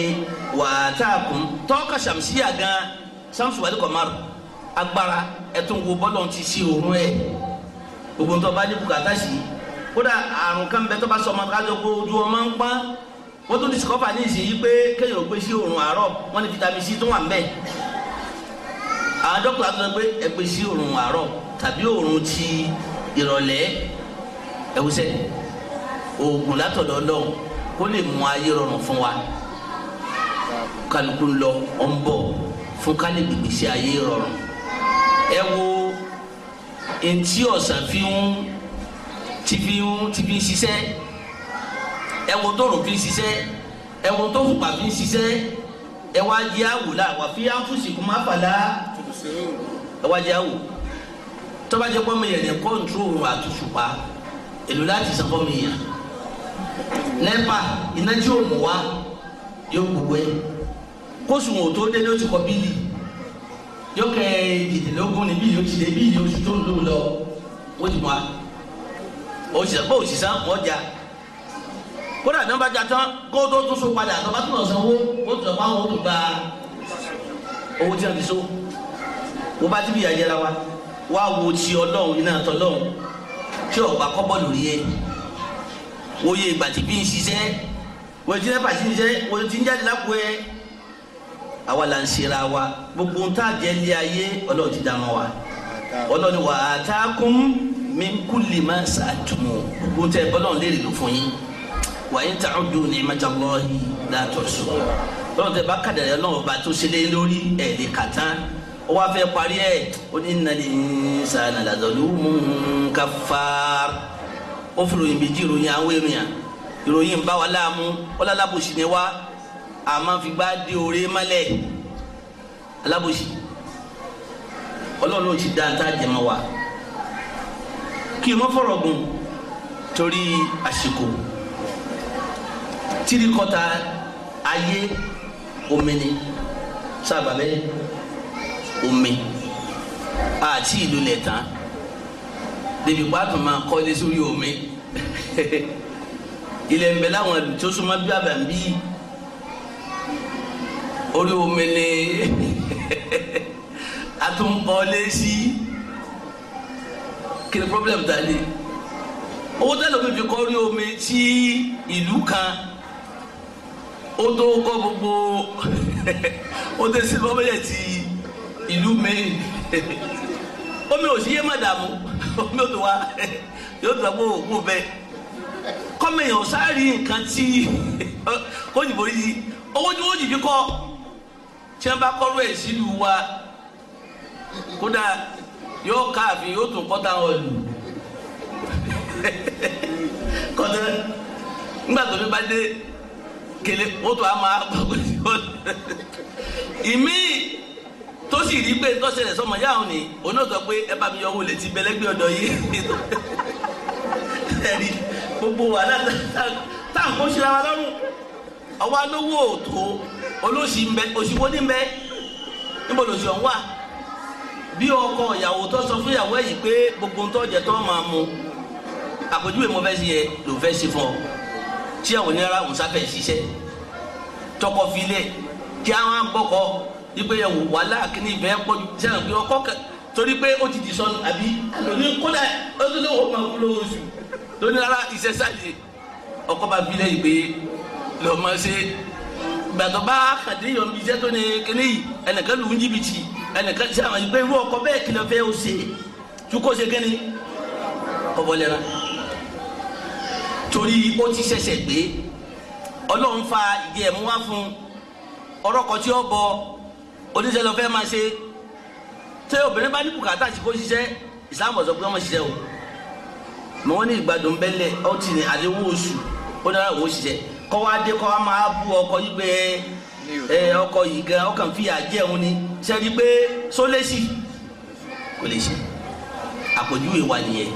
wàtáàkùn tọ́ka ṣàmṣíyà gan samson wàlí kọ̀márù agbára ẹ̀tún wo bọ́lọ̀ ti ṣe òórùn ẹ̀ gbogbo ntọ́ bá ní bùkátà sí i kódà àrùn kan bẹ tó bá sọ ọmọ kájọ pé ojú ọmọ ń pọ́n wọ́n tún discover ní ìsinyìí pé kéèyàn gbé sí òórùn àárọ̀ wọ́n ní vitamin C tó wà ń bẹ̀ àwọn dókítà tó sọ pé ẹ gbé sí òórùn àárọ̀ tàbí òórùn ti ìrọ̀lẹ́ ẹ̀wùsẹ̀ oògùn látọ̀dọ̀ kó lè mú ayé rọrùn fún wa kálukú lọ ọ̀ ń bọ̀ fún ká lè gbèsè ayé rọrùn ẹ wo eŋti ọ̀sán fi ń ti fi ń ti fi ń ṣiṣẹ́ ẹ wo tóòrùn fi ń ṣiṣẹ́ ẹ wo tófùpà fi ń ṣiṣẹ́ ẹ wá jẹ́ àwòlá wà fi áńfùsì kún má fàlà ẹ wá jẹ́ àwò tọ́bajẹ́ pọ́nmi yẹn ní kọ́ńtró àtúnṣùpá èlò láti sàn fọ́nmi yẹn nẹ́pà iná tí ò mú wa yóò gbogbo ẹ̀ kóṣù wọn ò tó dé ló ti kọ bíìlì yóò kẹ́ ìdìdínlógún ní bíìlì oṣù dé bíìlì oṣù tó ń lò lọ wọ́n ti mú wa òṣìṣẹ́ bó òṣìṣẹ́ wọ́n jà kódà ní wọ́n bá jà tán kó tó tún so padà tó bá tún lọ sanwó ó tún lọ bá wọn ó tún gba owó tí wọ́n fi so wọ́n bá ti bí ìyá yẹra wa wá wo ti ọlọ́run iná tọ́lọ́run tí ọ̀gbà kọ́ bọ́ọ̀lù rí yẹn wọ́n yẹ ìgbà tí bí ń ṣiṣẹ́ wọ́n ti nẹ́pà ti ń ṣiṣẹ́ wọ́n ti ń jáde lápò ẹ̀ àwa là ń ṣera wa gbogbo ń tà jẹ́ ilé ayé ọlọ́run ti dáná wa ọlọ́run wà á tá a kún mi kú lè má ṣàtúmọ̀ gbogbo ń tẹ bọ́lọ́run lè lò fún yín wà á yín tà ọ́dún ní mẹ́tàlọ́ọ̀hì látọ̀ sùn lọ́run tẹ bá kàdà yẹn lọ́wọ́ bá tó ṣe lé lórí ẹ̀ lè kà tán ó wá fẹ́ parí ẹ̀ ó ní nàní sànà làzọ̀lú mú káfáà ó fi ròyìn méjì ròyìn àwọn èèyàn ìròyìn bá wa láàmú ọlá alábòsí ni wá àmọ́ fi gbá dé orí mọ́lẹ̀ alábòsí ọlọ́run ò ti dá tá a wa kí n mọ́ fọ̀rọ̀ gùn torí àsìkò tirikọta ayé omi ni sábà omi àti ìlú lẹ̀ tán débi pàtó máa kọ́lé sórí omi ilẹ̀ ń bẹ láwọn tó súnmọ́ bí àbá ń bí orí omi ni a tún kọ́lé sí kí ni problem ta ni owó tẹ́lẹ̀ mi fi kọ́ orí omi sí ìlú kan ó tó kọ́ gbogbo ó tẹ́ sí bọ́bẹ́lẹ̀ ti ìlú mi omi ò sí yé má dààmú. yóò tó wa yóò tó wa kó kó bẹ kọ́mẹ̀yàn sáárì nǹkan tí kó jìbò rí sí owó tí wọ́n jìbí kọ́ tí wọ́n bá kọ́rọ́ ẹ̀ sílùú wa kódà yóò káàfin yóò tún kọ́ta wọn lù kọ́tà nígbà tó fi bá dé kele wọ́n tó a máa gbàgbé sí wọn ìmíì tó sì rí pé tó ṣẹlẹ̀ sọmọ yá òní òun náà sọ pé ẹ bá mi yọ owó létí bẹlẹ́gbẹ́ ọ̀dọ̀ yìí ẹ̀rí gbogbo wàhálà táǹkó ṣe ara lọ́rùn ọwọ́ alówó òtó olóṣì ń bẹ òṣìwò ní bẹ níbo lòṣì ọ̀hún wà bí ọkọ ìyàwó tó sọ fún ìyàwó yìí pé gbogbo ń tọ́jẹ tó máa mu àpèjúwe mo fẹ́ ṣe yẹ ló fẹ́ ṣe fún ọ tí àwọn onírà òun sáfẹ́ ṣiṣẹ́ tọkọ filẹ̀ kí àwọn abọ́kọ ipe yẹn wàhálà kìíní ìfẹ́ pọ̀jù sẹ́yìn pé ọkọ kẹ torí pé ó ti di sọnù àbí lóní kódà ó tún lówó máa wúlò oṣù lóní ara ìṣẹ́sáyè ọkọ bá bilẹ̀ yìí pé lọ́mọ ṣe gbàtọ́ bá kàdé yọ̀ níbi iṣẹ́ tó ní kíní yìí ẹnìkan lù ń jìbìtì ẹnìkan ṣe àwọn irú ọkọ bẹ́ẹ̀ kìlọ̀ fẹ́ ó ṣe ju kó ṣe kíní kọ́bọ̀lẹ́ra torí ó ti ṣẹ̀ṣẹ̀ gbé ọlọ́run fa ìdí ẹ̀ wá fún ọ̀rọ̀ tí ó bọ̀ oníṣẹ́ lọ fẹ́ máa ṣe tẹ obìnrin bá ní bùkátà sí kó ṣiṣẹ́ ìsìlámù ọ̀sọ́ pé wọ́n ṣiṣẹ́ o mọ wọn ní ìgbàdùn bẹ́lẹ̀ ọtí ni àdéhùn oṣù ó dára òun ṣiṣẹ́ kọ́ wá dé kọ́ wá máa bú ọkọ yìí pé ẹ ọkọ yìí gan ọkàn fìyà jẹ òun ni sẹ́ni pé sólésì kò lè ṣe àpèjúwe wa nìyẹn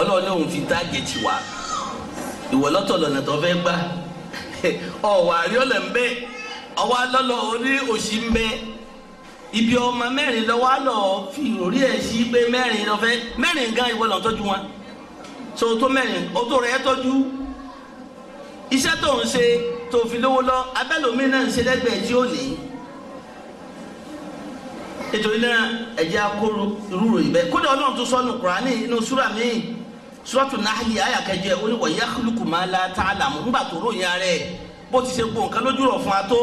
ọlọ́run ní òun fi tágẹ̀tì wa ìwọ̀lọ́tọ̀ lọ́nà tó fẹ́ gbà ọ̀wà àríọ̀lẹ̀ ń bẹ́ẹ̀ ọwọ́ alọ́lọ́ orí òsì ń bẹ ibi ọmọ mẹ́rin lọ́wọ́ alọ́ fi orí ẹ̀ sí pé mẹ́rin lọ́fẹ́ mẹ́rin gan ìwọ lọ́ọ́ tọ́jú wọn so tó mẹ́rin o tó rẹ̀ tọ́jú iṣẹ́ tó ń ṣe tó fi lówó lọ abẹ́lómi náà ń ṣe lẹ́gbẹ̀ẹ́ tí ó lè nítorí náà ẹ̀jẹ̀ akóró rúrò ìbẹ́ kódà ọlọ́run tó sọ́nù kùránì inú súrà míì súrọ̀tù náà yìí àyàkẹ́jẹ́ oníwọ̀nyí yakhluqu ma la ta'lamu ńgbà tó ròyìn ara ẹ̀ bó ti ṣe gbó nǹkan lójú rọ̀ fún wa tó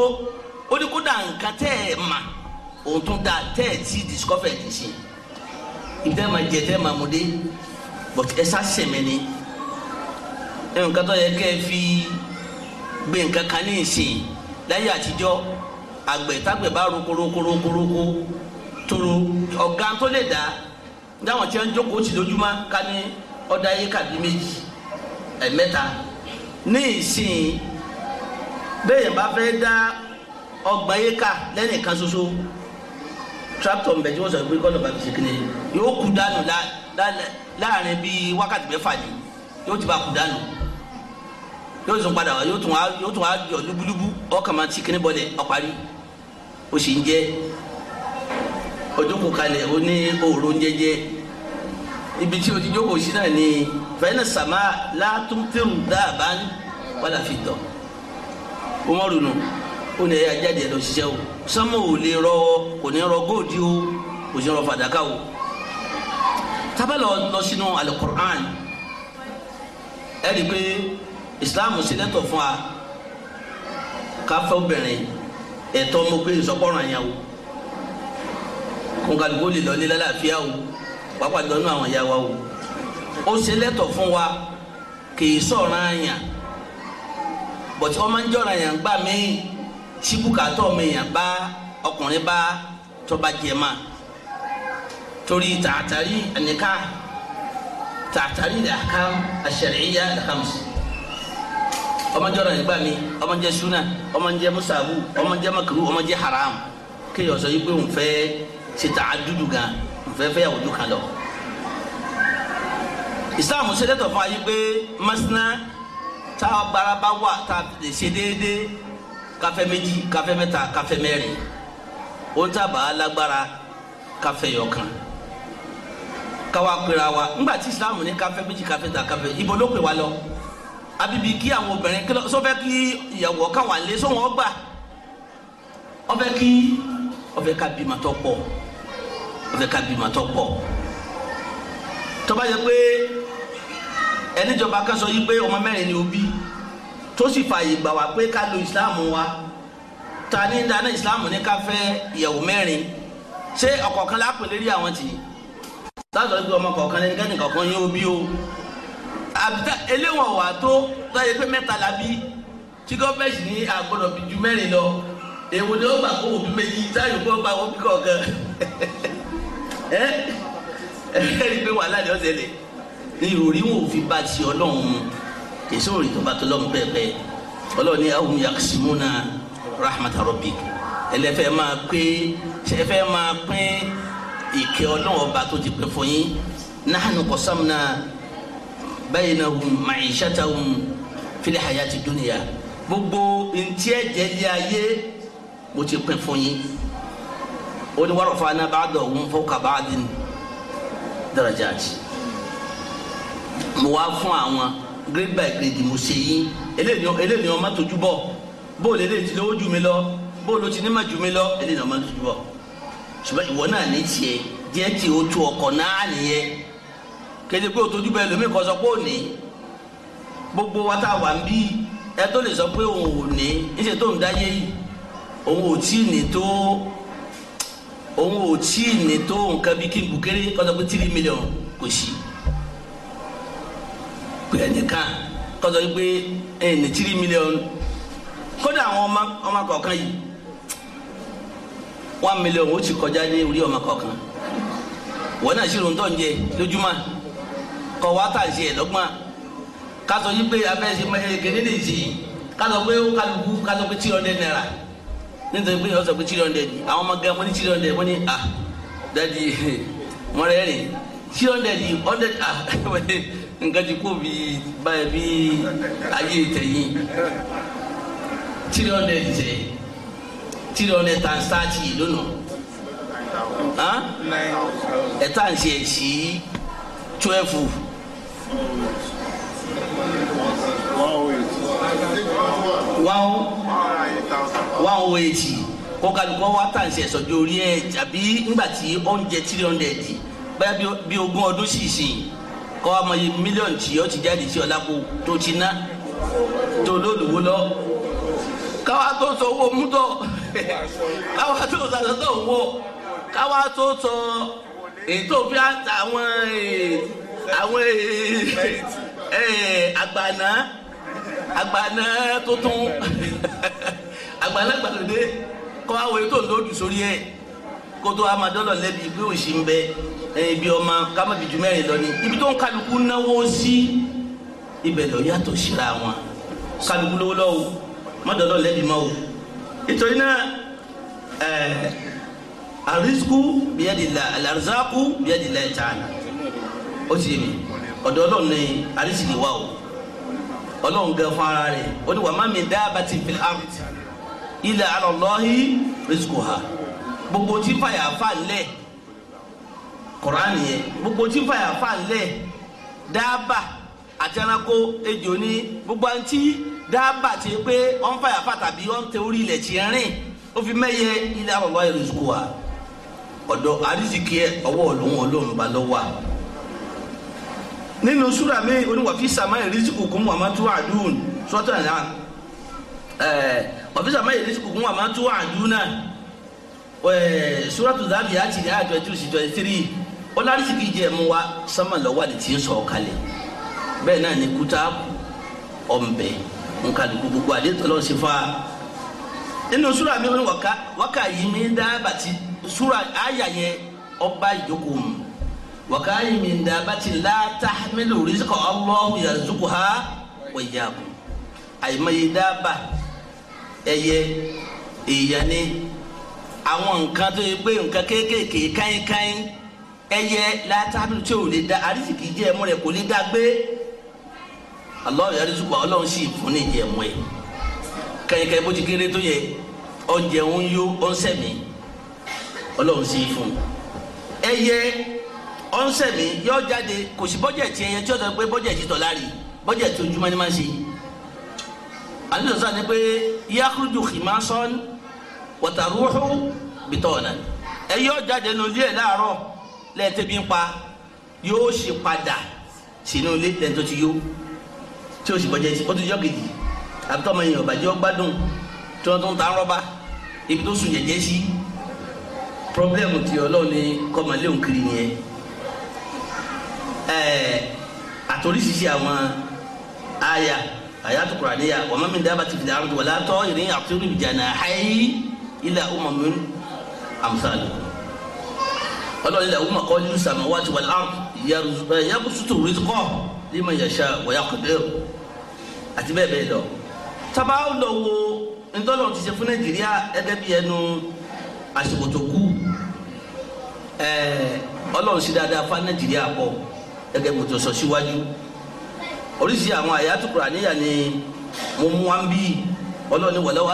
ó ní kódà nǹkan tẹ́ mà da tẹ́ ti ṣe ìtẹ́ máa jẹ tẹ́ máa mú dé but ẹ sá ni nǹkan tó fi gbé nǹkan kan ní ìsìn láyé àtijọ́ àgbẹ̀ tágbẹ̀ bá toro ọ̀gá tó lè dá dáwọn tí wọ́n ń jókòó tì lójúmọ́ ká bẹ́ẹ̀ bá fẹ́ dá ọgbà yé ká lẹ́nìkan ṣoṣo tractor ń bẹ tí wọ́n sọ pé kọ́nà bàbá ìṣèkìlẹ̀ yóò kú dànù láàrin bíi wákàtí mẹ́fà ni yóò ti bá kú dànù yóò tún padà wá yóò tún wá yóò tún lúbúlúbú ọkàn máa ti kíní bọ́lẹ̀ ọ̀parí o sì ń jẹ́ ojókòó kalẹ̀ o ní òòrò ń jẹjẹ ibi tí o ti jókòó sí náà ni fẹ́ẹ́nì sàmá látúntẹ̀rù dáàbá wàlàfi umaru nù ó ní ẹ̀yà jáde ẹ̀ lọ ṣiṣẹ́ o sánmọ̀ ò lè rọ kò ní rọ góòdì o kò sí rọ fàdákà o tábà lọ sínú alukur'an ẹ rí i pé islam sílẹ̀tọ̀ fún wa káfẹ́ obìnrin ẹ̀tọ́ mo gbé ìsọpọ̀ràn yẹn o kóńkàlùkò lè lọ ní lálàáfíà o pàápàá lọ́nà àwọn ìyá wa o ó sílẹ̀tọ̀ fún wa kì í sọ̀ràn yẹn bọ̀tí ọmọ ń jọ̀ràn yàn gbà mí síbùkátọ̀ mi yàn bá ọkùnrin bá tọ́ba jẹ ma torí tààtàrí ẹnìká tààtàrí ẹ̀ka àṣẹ̀ríyà ẹ̀kàmùsì ọmọ jọ̀ràn yàn gbà mí ọmọ jẹ suna ọmọ jẹ musabu ọmọ jẹ makaru ọmọ jẹ haram kéèyàn sọ yìí pé òun fẹ́ ṣe tààdúdú gan òun fẹ́ fẹ́ yàwó ju kan lọ islam ṣe lẹ́tọ̀ fún ayé pé masina. tá a gbára ta wà tá a lè ṣe kafe káfẹ́ méjì káfẹ́ mẹ́ta káfẹ́ mẹ́rin ó ń tàbá lágbára káfẹ́ yọkan pera wa ńgbà tí Islam ní káfẹ́ méjì ta kafe ibo ló pè lọ abibi kí àwọn obìnrin kí sọfẹ́ kí ìyàwó ọ̀kan wà lé sọ́wọ́n gbà ọfẹ́ kí ma ká bímọ tó pọ̀ ọfẹ́ ká bímọ tó pọ̀ tó yẹ pé. ẹnìjọba kan sọ yìí pé ọmọ mẹ́rin ni ó bí tó sì fààyè gbà wá pé ká lo ìsìláàmù wa ta ní dáná ìsìláàmù ní ká fẹ́ ìyàwó mẹ́rin ṣé ọ̀kọ̀ọ̀kan lápò lérí àwọn tì í sáàtọ̀ gbé ọmọ kọ̀ọ̀kan lẹ́ni kẹ́ni kọ̀ọ̀kan yóò bí o àbíta eléwọ̀n wà tó táyé pé mẹ́ta la bí tí gọ́ọ̀mẹ̀sì ní àgbọ̀dọ̀ bí ju mẹ́rin lọ èwo ni ó gbà kó òbí méjì táyọ̀ kó gbà wọ́n bí kọ̀ọ̀kan ẹ́ ẹ́ ẹ́ rí i pé wàhálà ni ó ṣẹlẹ̀ ìròrí wọn ò fi bá ti ọlọ́run mu èso òrì tó bá tó lọ́run pẹ́ẹ́pẹ́ ọlọ́run ní ahum yaqsimuna rahmata rabbik ẹlẹ́fẹ́ máa pé ṣẹfẹ́ máa pín ìkẹ́ ọlọ́run ọba tó ti pẹ́ fún yín nahnu qasamna baynahum ma'ishatahum fil hayati dunya gbogbo ntí ẹ̀jẹ̀ lé ayé mo ti pín fún yín ó ní wàrọ̀fà náà ba'dahum fawqa ba'din darajati mo wá fún àwọn grade by grade mo ṣe yín eléyìí ọmọ tójú bọ̀ bóòlù eléyìí ti lówó jù mí lọ bóòlù ti nímọ̀ jù mí lọ eléyìí ọmọ tójú bọ̀ ṣùgbọ́n ìwọ náà ní tiẹ̀ díẹ̀ tí o tu ọkọ̀ náà nìyẹn kéde pé o tójú bẹ́ẹ̀ lómi kọ́ sọ pé ò ní gbogbo wa tá a wà ń bí ẹ tó lè sọ pé òun ò ní níṣẹ tó ń dáyé yìí òun ò tí ì ní tó òun ò tí ì ní tó nǹkan bí kí n bù kéré kọ́ sọ pé tírí mílíọ̀nù kò sí pè ẹnìkan kọsọ yìí pé ẹ ní tírí mílíọ̀nù kódà àwọn ọmọ ọmọ kọ̀ọ̀kan yìí one million ó ti kọjá ní orí ọmọ kọ̀ọ̀kan wọn náà sì ròǹtọ̀ ń jẹ lójúmọ́ kọ̀ wá tà sí ẹ̀ lọ́gbọ́n kásọ yìí pé abẹ́ ṣe mọ ẹ̀kẹ́ni lè ṣe kásọ pé ó kálukú kásọ pé three hundred naira nítorí pé ọ̀sọ̀ pé three hundred àwọn ọmọ gẹ̀ wọ́n ní three hundred wọ́n ní ah dadi mọ̀rẹ́rìn three hundred hundred ah nǹkan ti bi báyìí bí ayé tẹ̀yìn three hundred jẹ three hundred and thirty lónà ẹ̀ tá à ń ṣe ẹ̀ twelve. wa tà ń ṣe ẹ̀sọ́jọ́ orí ẹ̀ tàbí nígbà tí oúnjẹ three hundred báyà bí ogún ọdún kọ́ ọmọ yìí mílíọ̀nù tí ó ti jáde sí ọ̀làpọ̀ tó ti ná tó lólùwó lọ káwa tó sọ owó mútọ káwa tó sàtọ́tọ̀ owó káwa tó sọ ètò fi àwọn àwọn eh, àgbàná àgbàná tuntun àgbàná gbàlódé kọ́ àwọn ètò lòdù sórí ẹ̀ kótó amadọ́lọ̀ lẹ́bi pé òṣì ń bẹ ibi ọmọ kámẹ́bí ju mẹ́rin lọ ni ibi tó ń kálukú náwó sí ibẹ̀ lọ yàtọ̀ síra wọn kálukú lówó lọ́wọ́ mọ́dọ̀lọ́ lẹ́bi mọ́ o nítorí náà ẹ̀ẹ́ àrísíkú bíyàdìlá àlàrzákú bíyàdìlá ẹ̀ tààlà ó ti yé mi ọ̀dọ̀ ọlọ́run ni àrísíkí wà o ọlọ́run gan fún ara rẹ̀ ó ní wà má mi dábàtì fil ard illa ala Allahi rizquha gbogbo tí fàyà fà lẹ́ẹ̀. kọ̀ránì yɛ gbogbo tí fàyà fà lẹ̀ dábà àti ẹranko ejò ni gbogbo àǹtí dábà ti pé ọ̀n fàyà fà tàbí ọ̀n tẹ orí ilẹ̀ tí rìn ó fi mẹ́yẹ ilé àbàbà ìrìsùkò wa ọ̀dọ̀ àrísìkì ọwọ́ ọ̀lọ́hún nínú mi twenty three. ó lárísìkì jẹ́ mú wa sánmà lọ́wọ́dì tí ń sọ kalẹ̀ bẹ́ẹ̀ náà ni kúta ọ̀nbẹ nkàlùkù gbogbo àdé tọ́lọ́ fa mi wọn waka yìí mi àyà ọba ìjókòó mu yìí mi dábàtì látàmílò rìsíkọ̀ ọlọ́hùn yàrá ha wọ̀nyàgùn àyèmáyé dábà ẹyẹ ẹyẹ látàbí tí ò lè da àrísìkì jẹ ẹmu rẹ kò lè dá gbé Allah yà rísìkò Ọlọ́run sì fún ní ìjẹ ẹmu ẹ kẹyìnkẹyìn bó ti kéré tó yẹ ọjẹ ń yó ó ń sẹmí Ọlọ́run sì fún ẹyẹ ó ń sẹmí yọ jáde kò sí bọ́jẹ̀tì ẹyẹ tí ó sọ pé bọ́jẹ̀tì tọ̀ lárí bọ́jẹ̀tì ojúmọ́ ni máa ń ṣe àdúgbò sọ pé yakurudu khimason wàtàrúhù bitọ́ọ̀nà ẹyẹ ó jáde díẹ̀ láàárọ̀ lẹ́ẹ̀tẹ́bí ń pa yóò ṣe padà sínú ilé lẹ́yìn tó ti yó tí o sì bọ́jẹ́ sí ọtún jọ́ kejì àbútọ́ ọmọ yẹn ọ̀bàjẹ́ ọgbádùn tí wọ́n tún ń ta rọ́bà ibi tó sùn jẹ́jẹ́ sí pọ́blẹ́mù ti ọlọ́run ní kọ́mọléhùn kiri nìyẹn ẹ̀ẹ́ àtòrísìsì àwọn àyà àyàtò kùràníyà wa ma min dabbatin fil ardi wala ta'irin yatiru bi janahihi illa umamun amsalukum ọlọ́run ilẹ̀ ọ̀húnmọ̀ kọ́ nínú sàmì wájú wà lárùn yabusutu rizqọ lima yasha wayaqdir àti bẹ́ẹ̀ bẹ́ẹ̀ lọ. tábà lọ wo ntọ́lọ́ ti ṣe fún nàìjíríà ẹgẹ́ bí ẹnu àsìkò tó kú ọlọ́run sí dáadáa fún nàìjíríà pọ̀ ẹgẹ́ bí tó sọ síwájú oríṣi àwọn àyàtú Kùránìyà ni mo mú wá ń bí ọlọ́run ni walaw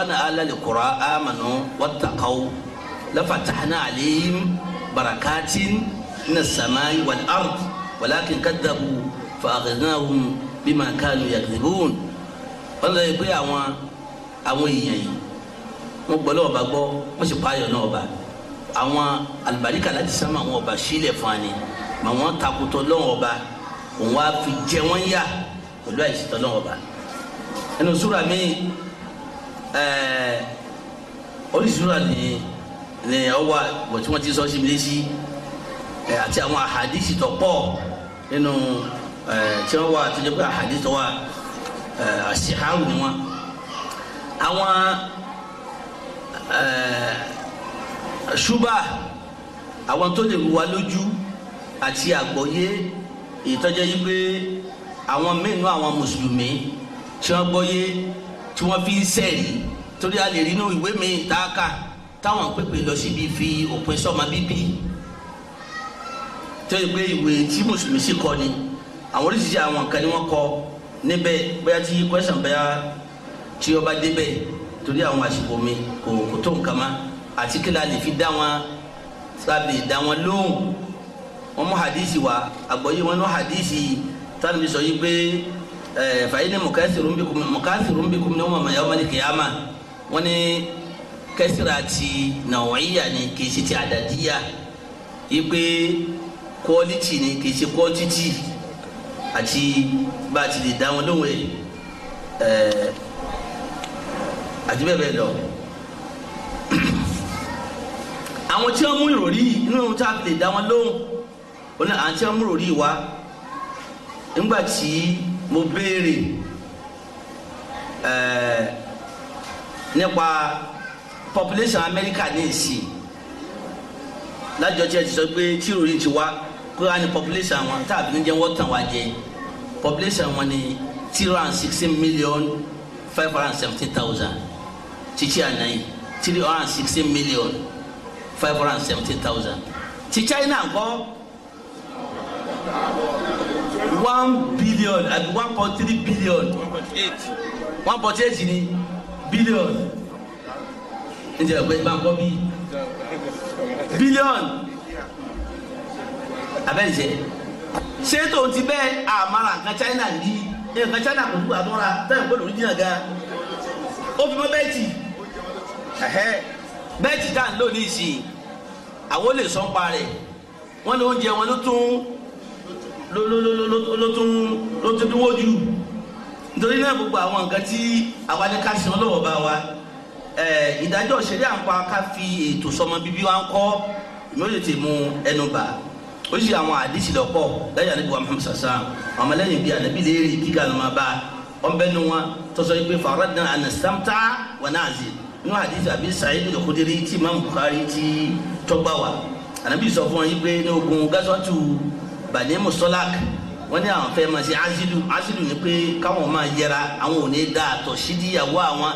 barakatin na samai wal ard walakin kadabu fa aghnahum bima kanu yakdhibun wọ́n lọ pé àwọn àwọn èèyàn yìí wọ́n gbọ́ lọ́wọ́ bá gbọ́ wọ́n sì pààyàn náà bá àwọn àlùbáríkà láti sámà àwọn ọba sílẹ̀ fún wa ni mà wọ́n takùtọ̀ lọ́wọ́ ọba òun wá fi jẹ wọ́n yà pẹ̀lú àìsítọ́ lọ́wọ́ ọba ẹnu súra mi ẹ̀ẹ́ oríṣiríṣi ni ní ọwọ́ àgbọ̀ tí wọ́n ti sọ síbi lẹ́sí àti àwọn àhàdìsì tó tí wọ́n wà tó jẹ́ pé àhàdìsì tó wà ni wọ́n. àwọn ṣúbà àwọn tó lè wà lójú àti àgbọ̀yé ìtọ́jẹ́ yí pé àwọn mẹ́nu àwọn mùsùlùmí tí wọ́n gbọ́yé tí wọ́n fi ń sẹ̀rí torí a lè rí inú ìwé mi tá a táwọn pépè lọ síbi fi òpin sọ́mọ bíbí tó yẹ pé ìwé tí mùsùlùmí sì kọ ni àwọn oríṣiríṣi àwọn nǹkan ni wọ́n kọ níbẹ̀ bóyá tí kwẹ́sàn bóyá tí ó bá débẹ̀ torí àwọn àsìkò mi kò kò tó nǹkan ma àti kí la lè fi dá wọn sábì dá wọn lóhùn wọn mú hadisi wa àgbọ̀yé wọn ní hadisi táwọn mi sọ yìí pé ẹ fàyín ní mùkásìrún bí mùkásìrún bí ní wọn mọ̀ yàwó mọ̀ ní kìyàmà wọn ní. kẹsìrà ti nàwọ̀nyíyà ni kì í ṣe ti àdàdíyà ipe kọ́lítì ni kì í ṣe kọ́ntítì àti bá a ti lè dá lóhùn ẹ̀ eh, àti bẹ́ẹ̀ bẹ́ẹ̀ lọ. àwọn tí wọ́n mú ìròrí inú tá a lè dá lóhùn ní àwọn tí wọ́n mú ìròrí population America ní ìsì lájọ tí ẹ ti sọ pé tí ìròyìn ti wá pé wá ní population wọn tàbí ní jẹ́ wọ́n tàn wá jẹ population wọn ni three hundred sixteen million five hundred and seventeen thousand títí àná yìí three hundred sixteen million five hundred and seventeen thousand ti China ńkọ́ one billion àbí one point three billion one point eight ni billion ń jẹ́ ọ̀pẹ́ bá ń kọ́ bí bílíọ̀nù abẹ́jẹ́ ṣé tòun ti bẹ́ẹ̀ àmàrà nǹkan China ní nǹkan China kò gbà mọ́ra táyà gbọ́dọ̀ orí jìnnà gan ó fi mọ́ bẹ́ẹ̀tì bẹ́ẹ̀tì tá à ń lò ní ìsìn àwọn olè sọ́n pa rẹ̀ wọ́n ní oúnjẹ wọn ló tún ló tún ló tún dúnwó jù nítorí náà gbogbo àwọn nǹkan tí àwa ní ká sìn ọlọ́wọ́ bá wa ìdájọ́ ṣẹlẹ̀ à ń pa ká fi ètò sọmọ bíbí wa ń kọ́ ìmọ̀ yóò ti mú ẹnu bà ó sì àwọn àdìsí lọ́pọ̀ lẹ́yìn àdìbò Muhammad sàṣà ọmọ lẹ́yìn bíi àdìbí léèrè kíkà ló máa bá ọ̀nbẹ́ni wọn tọ́sọ yìí pé faradna àna samta wà náà zè inú àdìsí àbí Sa'id al-Khudri tí Imam Bukhari ti tọ́gbà wá ànábì sọ fún wọn yìí pé ní ogun gazwatu Bani Musalak wọ́n ní àwọn fẹ́ẹ́ máa ṣe azidu azidu ni pé káwọn máa yẹra àwọn ò ní dáa tọ̀ sídìyàwó àwọn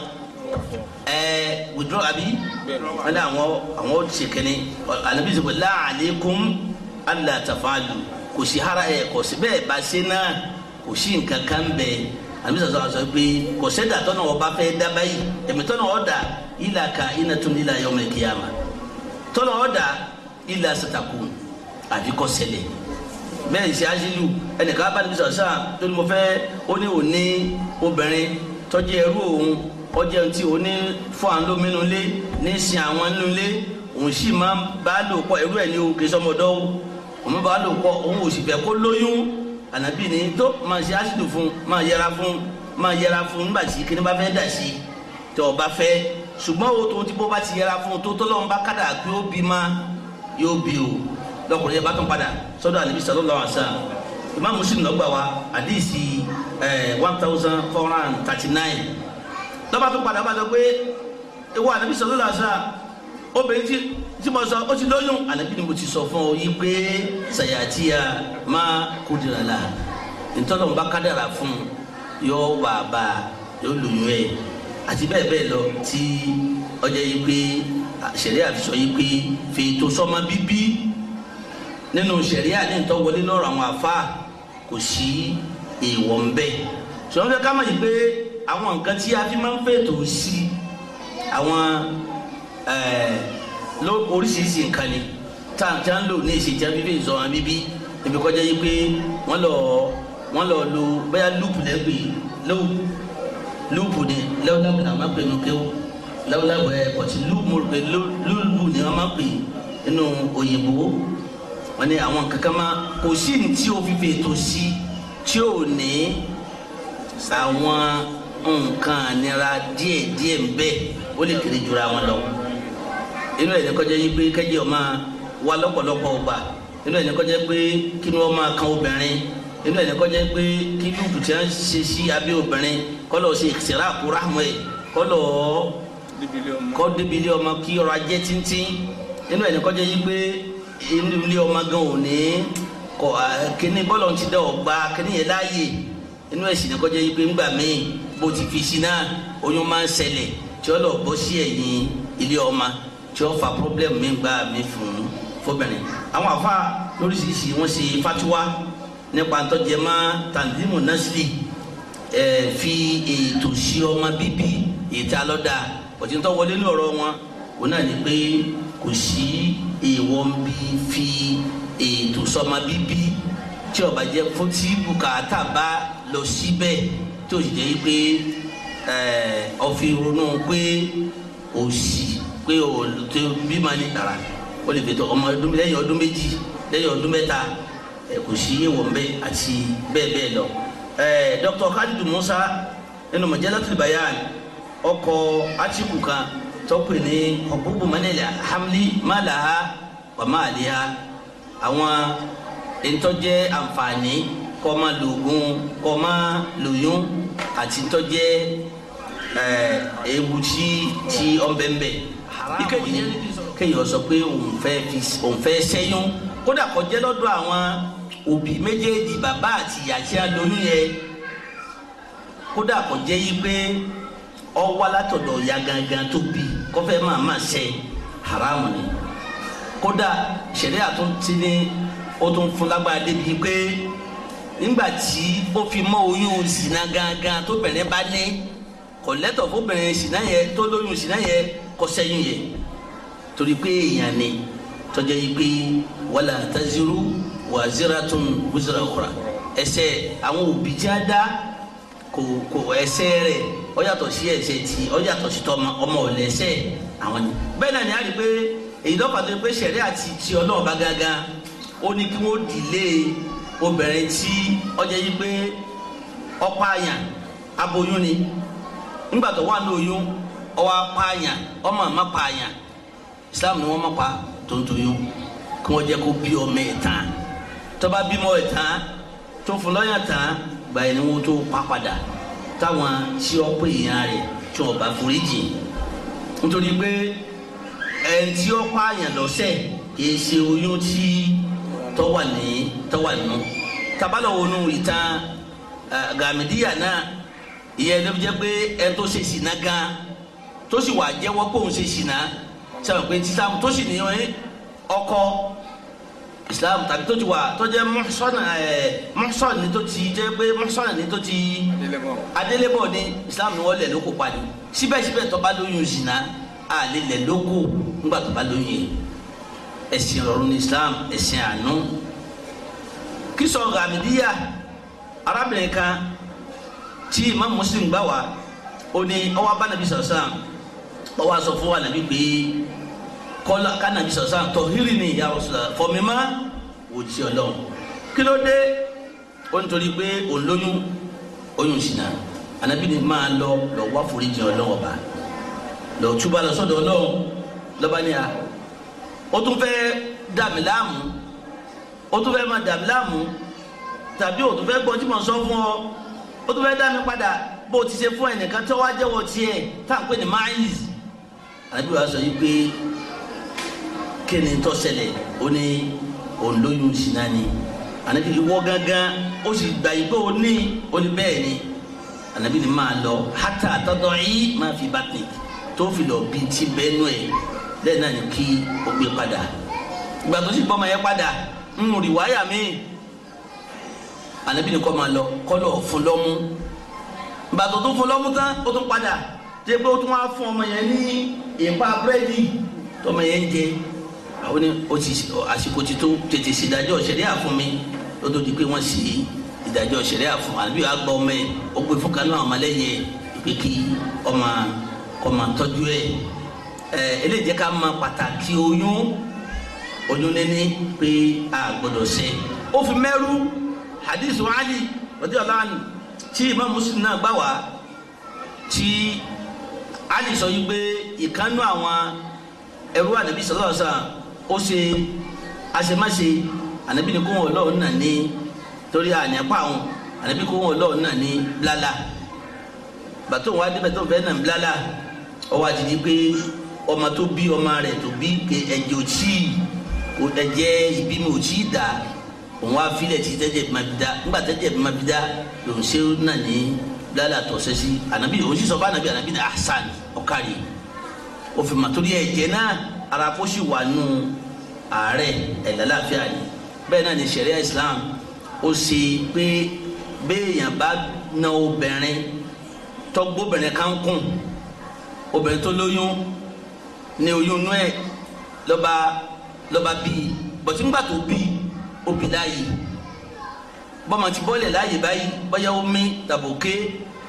ẹẹ withdraw abi wọn ni àwọn àwọn ṣèkẹni anabi sọ pé láàlékún allah tafalu kò sí hara ẹ kò sí bẹ́ẹ̀ bá ṣe náà kò sí nǹkan kan bẹ́ẹ̀ anabi sọ sọ pé kò sẹ́dà tọ́nà ọba fẹ́ dábàá yìí ẹ̀mí tọ́nà ọ̀dà ilà ká iná tún ilà tọ́nà ọ̀dà ilà bẹ́ẹ̀ ṣe ẹnìkan bá anabi sọ sọ mo fẹ́ ó ní òní obìnrin tọ́jú ẹrú òun ó jẹ́ ti òní fún àwọn lómìnú lé ní sin àwọn nínú lé òun sì máa bá lò pọ̀ irú ẹ̀ ní o kì í sọmọdọ́ o òun bá lò pọ̀ òun ò sì fẹ́ kó lóyún ànábì ní tó máa ṣe àṣìlò fún máa yẹra fún máa yẹra fún nígbà tí kíní bá fẹ́ dà sí tẹ ọ bá fẹ́ ṣùgbọ́n o tó ti bó bá ti yẹra fún tó tọ́lọ́run bá kádà pé ó bí ma yóò bí o lọkùnrin yẹn bá tún padà sọ́dọ̀ ànábì sallallahu alaihi wasallam Imam Muslim ló gbà eh, one thousand four hundred thirty nine lọ́ba tó padà bá sọ pé ewu ànábì sọ lọ́la sá obìnrin tí tí mo sọ ó ti lóyún ànábì ni mo ti sọ fún ọ yí pé sàyàtìyà máa kó dira la ntọ́lọ́ nba kádàrà fún yọ wà bá yọ lóyún ẹ̀ àti bẹ́ẹ̀ bẹ́ẹ̀ lọ tí ọjọ́ yí pé sẹ̀ríà sọ yí pé fètò sọ́mọ bíbí nínú sẹ̀ríà ní ntọ́ wọlé lọ́rọ̀ àwọn àfa kò sí èèwọ̀ ń bẹ sọ́mọ́ ká mọ̀ yí pé àwọn nǹkan tí a fi máa ń fètò sí àwọn eh, oríṣiríṣi nǹkan ni tá à ń lò ní ìṣèjì abíbí ìzọ̀rọ̀ abíbí ibi kọjá yìí pé wọ́n lọ wọ́n lọ lo bóyá lúùpù lẹ́gbẹ̀ lọ́wọ́ lúùpù ni lọ́wọ́láwọ́ náà máa pè nù kéwọ́ lọ́wọ́láwọ́ ẹ̀ eh, kọ̀tí lúùpù pé lúùpù ni wọ́n máa pè nínú òyìnbó wọ́n ní àwọn kankan máa kò sí ní tí o fi fètò sí tí o ní àwọn. nǹkan anira díẹ̀ díẹ̀ ń o ó lè kiri jura wọn lọ inú ẹ̀ ní kọjá pé kẹ́jẹ́ wa lọ́pọ̀lọpọ̀ ọgbà inú ẹ̀ ní kọjá pé kí ni wọ́n máa kan obìnrin inú ẹ̀ ní kọjá pé kí ṣe sí abẹ́ obìnrin kọ́lọ̀ ṣe ìṣẹ̀rá àkúrà mọ́ ẹ̀ kọ́lọ̀ kọ́ débìlì ọmọ kí ọrọ̀ ajé tíntín inú ẹ̀ ní kọjá pé inú ilé ọmọ gan ò ní kíní bọ́lọ̀ ti dẹ́ kíní bó ti fi sí náà oyún máa ń ṣẹlẹ̀ tí ó lọ bọ́ sí ẹ̀yìn ilé ọmọ tí ó fa problem mi gbá mi fún fóbìnrin àwọn àfa lóríṣiríṣi wọ́n ṣe fatuwa nípa ntọ́jẹ́má tanzimu nasiri ẹ̀ fi ètò sí ọmọ bíbí ètò alọ́dà òtítọ́ wọlé lọ́rọ̀ wọn òun náà ni pé kò sí èèwọ̀ ń bí fi ètò sọmọ bíbí tí ó bá fún tí bùkátà bá lọ síbẹ̀. Si tí o sì jẹ́ pé ọ̀fi ronú pé òsì pé olùtò bí máa ní tara o lè fi tọ ọmọ ọdún lẹ́yìn ọdún méjì lẹ́yìn ọdún mẹ́ta kò sí ìwọ̀ ń bẹ àti bẹ́ẹ̀ bẹ́ẹ̀ lọ. Dr. Khalidu Musa nínú Majalatul Bayan ọkọ atiku kan tọpẹ ní ọgbọgbọ mọnẹlẹ hamli malaha wa maliha àwọn ìtọjẹ àǹfààní kọ́má lògùn kọ́má lòyún àti tọ́jẹ́ ewu tí tí ọ̀nbẹ̀nbẹ̀ ìkejì ni kéèyàn sọ pé òun fẹ́ fi òun fẹ́ sẹ́yún kódà kọjẹ́ lọ́dọ̀ àwọn òbí méjèèjì bàbá àti ìyá tí a lóyún yẹ kódà kọjẹ́ yí pé ọwọ́ látọ̀dọ̀ ìyá gangan tó bí kọfẹ́ máa máa ṣe haramu ni kódà ṣẹ̀ríà tún ti ní ó tún fún lágbára débi pé nígbà tí ó fi mọ́ oyún ṣìnà gangan tóbìnrin bá ní kò lẹ́tọ̀ fóbìnrin ṣìnà yẹn tó lóyún ṣìnà yẹn kò sẹ́yìn torí pé èèyàn ni tọ́jà yìí pé wàlà taziru wàzíra tún wíṣọ́ra ọ̀kọ́ra ẹ̀ṣẹ̀ àwọn òbí tí a dá kò kò ẹ̀ṣẹ̀ rẹ̀ ó yàtọ̀ sí ẹ̀ṣẹ̀ tí ó sí tọmọ ọmọ ò lẹ́ṣẹ̀ àwọn ni bẹ́ẹ̀ náà ni a rí pé èyí lọ́pàá tó pé sẹ̀rí àti ti ọlọ́ọ̀bá gangan ó ní kí wọ́n dìlé obìnrin tí ọjọ́ yìí pé ọkọ àyàn aboyún ni nígbà tó wà ní oyún ọwọ́ apá àyàn ọmọ àmọ́ pa Islam ni wọ́n mọ̀ pa tontoyún kí wọ́n jẹ́ kó bí ọmọ ẹ̀ tán tó bímọ ẹ̀ tán tó fún tán ni wọ́n tó pa padà táwọn tí rẹ̀ tí wọ́n bá nítorí pé tọ́wà ní tọ́wà nù tabalọ̀ wọnú ìtàn gàmídíyà náà ìyẹn ló fi jẹ́ pé ẹni tó ṣe ṣìnà gan tó sì wà jẹ́wọ́ pé òun ṣe ṣìnà sẹ́wọ̀n pé tísàm tó sì ní ọkọ islam tàbí tó ti wà tó jẹ́ mọ́sánà ẹ̀ mọ́sánà ni tó ti jẹ́ pé mọ́sánà ni tó ti adélébọ̀ ni islam ni wọ́n lẹ̀ lóko padì síbẹ̀síbẹ̀ tó bá lóyún ṣìnà àlè lẹ̀ lóko ńgbà tó bá ẹ̀sìn ọ̀run ní Islam ẹ̀sìn àánú kìsọ̀ gàmìdíyà arábìnrin kan tí Imam Muslim gbà wá ó ní ọwọ́ abánabi sọ̀sán ọwọ́ aṣọ fún wa nàbí pé kọ́lá kánàbí sọ̀sán tọ̀hírì ni ìyá ọ̀sùn fọmímá wò ti ọlọ́run kí ló dé ó ń torí pé òun lóyún oyún ṣìnà ànábì ni máa lọ lọ wá foríjì ọlọ́run ọba lọ túbà lọ sọ́dọ̀ ọlọ́run lọ́ba ní a. Ah, ó tún fẹ́ dàmí láàmú ó tún fẹ́ máa dàmí láàmú tàbí ó tún fẹ́ gbọ́ tí mo sọ fún ọ ti ṣe fún ẹnìkan tó wá jẹ́wọ́ tiẹ̀ tá à pè ní máyìs àdúrà sọ yìí pé kí ni tó ṣẹlẹ̀ ó ní òǹdóyún sí náà ni ànábi ìwọ gángan ó sì gbà yìí pé ó ní ó ní bẹ́ẹ̀ ni ànábi ni máa lọ hátà àtọ́tọ́ yìí máa fi bá tètè tó fi lọ bí ti bẹ́ẹ̀ nù ẹ̀ bẹ́ẹ̀ náà ni kí o gbé padà ìgbà tó sì gbọ́ ọmọ yẹn padà ń rìn wáyà míì ànábì ni kọ́ máa lọ kọ́lọ̀ fún lọ́mú bàtò tó fún lọ́mú tán ó tún padà jẹ́ pé ó tún wá fún ọmọ yẹn ní ìpa búrẹ́dì tọmọ yẹn ń jẹ àwọn ni ó ti àsìkò ti tó tètè sí ìdájọ́ ṣẹ̀ríà fún mi ó tó di pé wọ́n sì ìdájọ́ ṣẹ̀ríà fún àbí àgbà ọmọ yẹn ó pé fún kanú àwọn ọmọlẹ́yìn ẹ̀ pé kí ọmọ ọmọ tọ́jú ẹ̀ eléyìí jẹ́ ká mọ pàtàkì oyún oyún níní pé a gbọ́dọ̀ ṣe ó fi mẹ́rú hadith ali radiyallahu anhu tí imam muslim náà gbà wá tí ali sọ yìí pé ìkànnú àwọn ẹrú ànábì sallallahu alaihi wasallam ó ṣe àṣemáṣe ànábì ni kó wọn Ọlọ́run náà ní torí àní apá àwọn ànábì kó wọn Ọlọ́run náà ní blala bàtò wọn adébẹtò fẹẹ náà blala ọwọ àjèjì pé ọmọ tó bí ọmọ rẹ̀ tó bí ẹ̀jẹ̀ ò tí ìbímọ ò dà òun á filẹ̀ tí tẹ́jẹ̀ bí ma bí da ńgbà tẹ́jẹ̀ bí ma bí da lòun ṣe ń nà ní lálẹ́ àtọ̀sẹ́ sí ànábì òun sì sọ fún ànábì ànábì náà hasan ọ̀kàrí òfin màtórí ẹ̀jẹ̀ náà ara kó sì wà nù ààrẹ ẹ̀lẹ́láfíà ni bẹ́ẹ̀ náà ni ṣẹ̀ríà Islam ó ṣe pé béèyàn bá na obìnrin tọ́gbóbìnrin kan kùn obìnrin tó lóyún ní oyún inú ẹ̀ lọ́ba lọ́ba bíi bọ̀tí ńgbà tó bí ó bí láàyè bọ́mọ ti bọ́lẹ̀ láàyè báyìí bọ́yá omi tàbó ké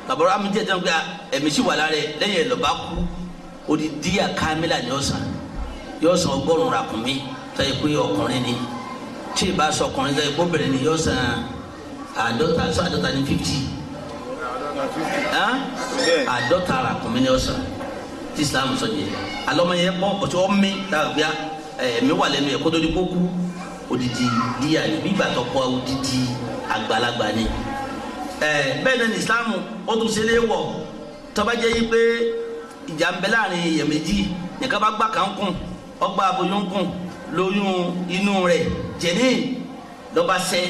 tàbọ̀rọ̀ amújẹ́ tí wọ́n gba ẹ̀mí sì wà lára ẹ̀ lẹ́yìn ẹ̀ kú odidi àkàmílà ni ọ̀sán yóò san ọgọ́rùn-ún pé ọkùnrin ni tí ì bá sọ ọkùnrin tọ́yẹ pé obìnrin ni yóò san sọ àádọ́ta ní fifty àádọ́ta ràkúnmí ni ọ̀sán tí islam sọ yẹ alọ́mọ yẹ kọ́ ọtí ọmí tàbíà ẹ̀mí wà lẹ́nu yẹ kótó ní kókú odidi díyà bí gbàtọ́ kọ́ odidi àgbàlagbà ni bẹ́ẹ̀ náà ní islam ó tún ṣe léwọ̀ tọ́ba jẹ́ yí pé ìjà ń bẹ láàrin èèyàn méjì nìkan bá gbà kàn kùn ọgbà aboyún kùn lóyún inú rẹ̀ jẹ̀ní lọ́ba sẹ́